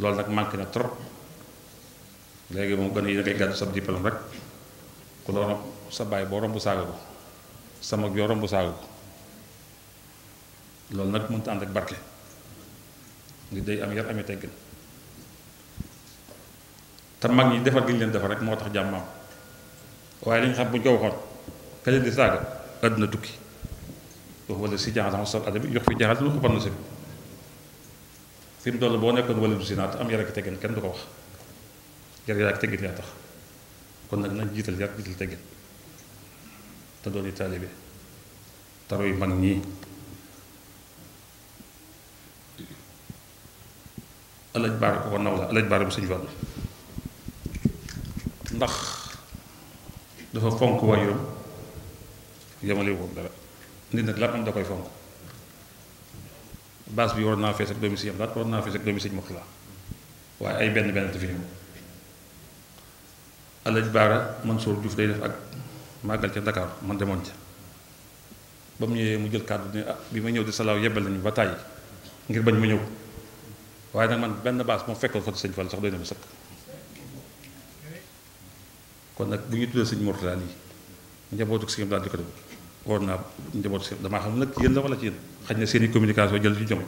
Speaker 8: loolu nag manqué na trop léegi moom gën a yi da gàddu sab diplôme rek ku la romb sa baay boo romb saaga ko sa mag yoo romb saaga ko loolu nag mënta ànd ak barke ngi day am yar amee teggin te mag ñi defar gi ñu leen defar rek moo tax jàmm waaye li nga xam bu ñu ko waxoon ka leen di saaga àdduna tukki wala si jaaxal sol adabi yox fi jaaxal lu ko pann si fi mu toll boo nekkoon wala du si naat am yar ak teggin kenn du ko wax yar ak teggin yaa tax kon nag nañ jiital yar jiital teggin te doon yi taalibe taro yu mag ñii alaj baar ko naw la alaj baar bu sëñ Fallu ndax dafa fonk waajuram yemale wu dara nit nag la am da koy fonk baas bi war naa fees ak doomi sëñ Abdou Lahad war naa fees ak doomi sëñ Mourtala waaye ay benn benn dafa ñëw Alaaji Baara Mansour Diouf day def ak màggal ca ndakaar man demoon ca ba mu ñëwee mu jël kàddu ne ah bi ma ñëw di salaaw yebbal nañu ba tàyyi ngir bañ ma ñëw waaye nag man benn baas moo fekkal ko ci sëñ Fall sax doy na ma sëkk. kon nag bu ñu tuddee sëñ Mourtada lii njabootu sëñ Abdou Lahad di njabootu damaa xam nag ci yéen la wala ci yéen xaj na seen i communication jël ci jom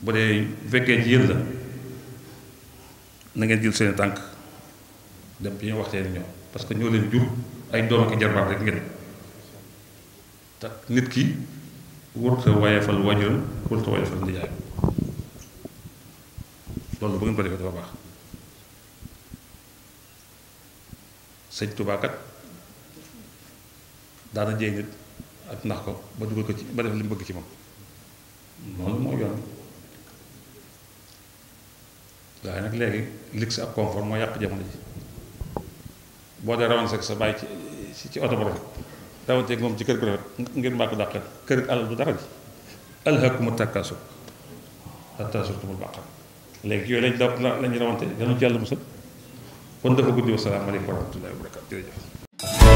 Speaker 8: bu dee fekkee ci yéen la na ngeen jël seeni tànk dem bi ñu waxtee ñoom parce que ñoo leen jur ay doom ak jarbaat rek ngeen nit ki wurta wayefal wajuram wurta wayefal ndiyaayam loolu bu ngeen ko defee dafa baax sëñ Tuubaa kat daana jëy nit ak ndax ko ba dugal ko ci ba def li bëgg ci moom loolu moo yoon waaye nag léegi luxe ak confort moo yàq jamono ji boo dee rawante ak sa bàyyi ci ci oto bu rafet rawanteeg moom ci kër gu rafet ngeen mbàkk dàqal kër alal du dara ji alhaakumu takaasur hattaa zurtumul maqaabir léegi yooyu lañ daw lañ rawante dana ci yàlla musal kon dafa guddi wasalaamaaleykum wa rahmatullahi wa barakatu jërëjëf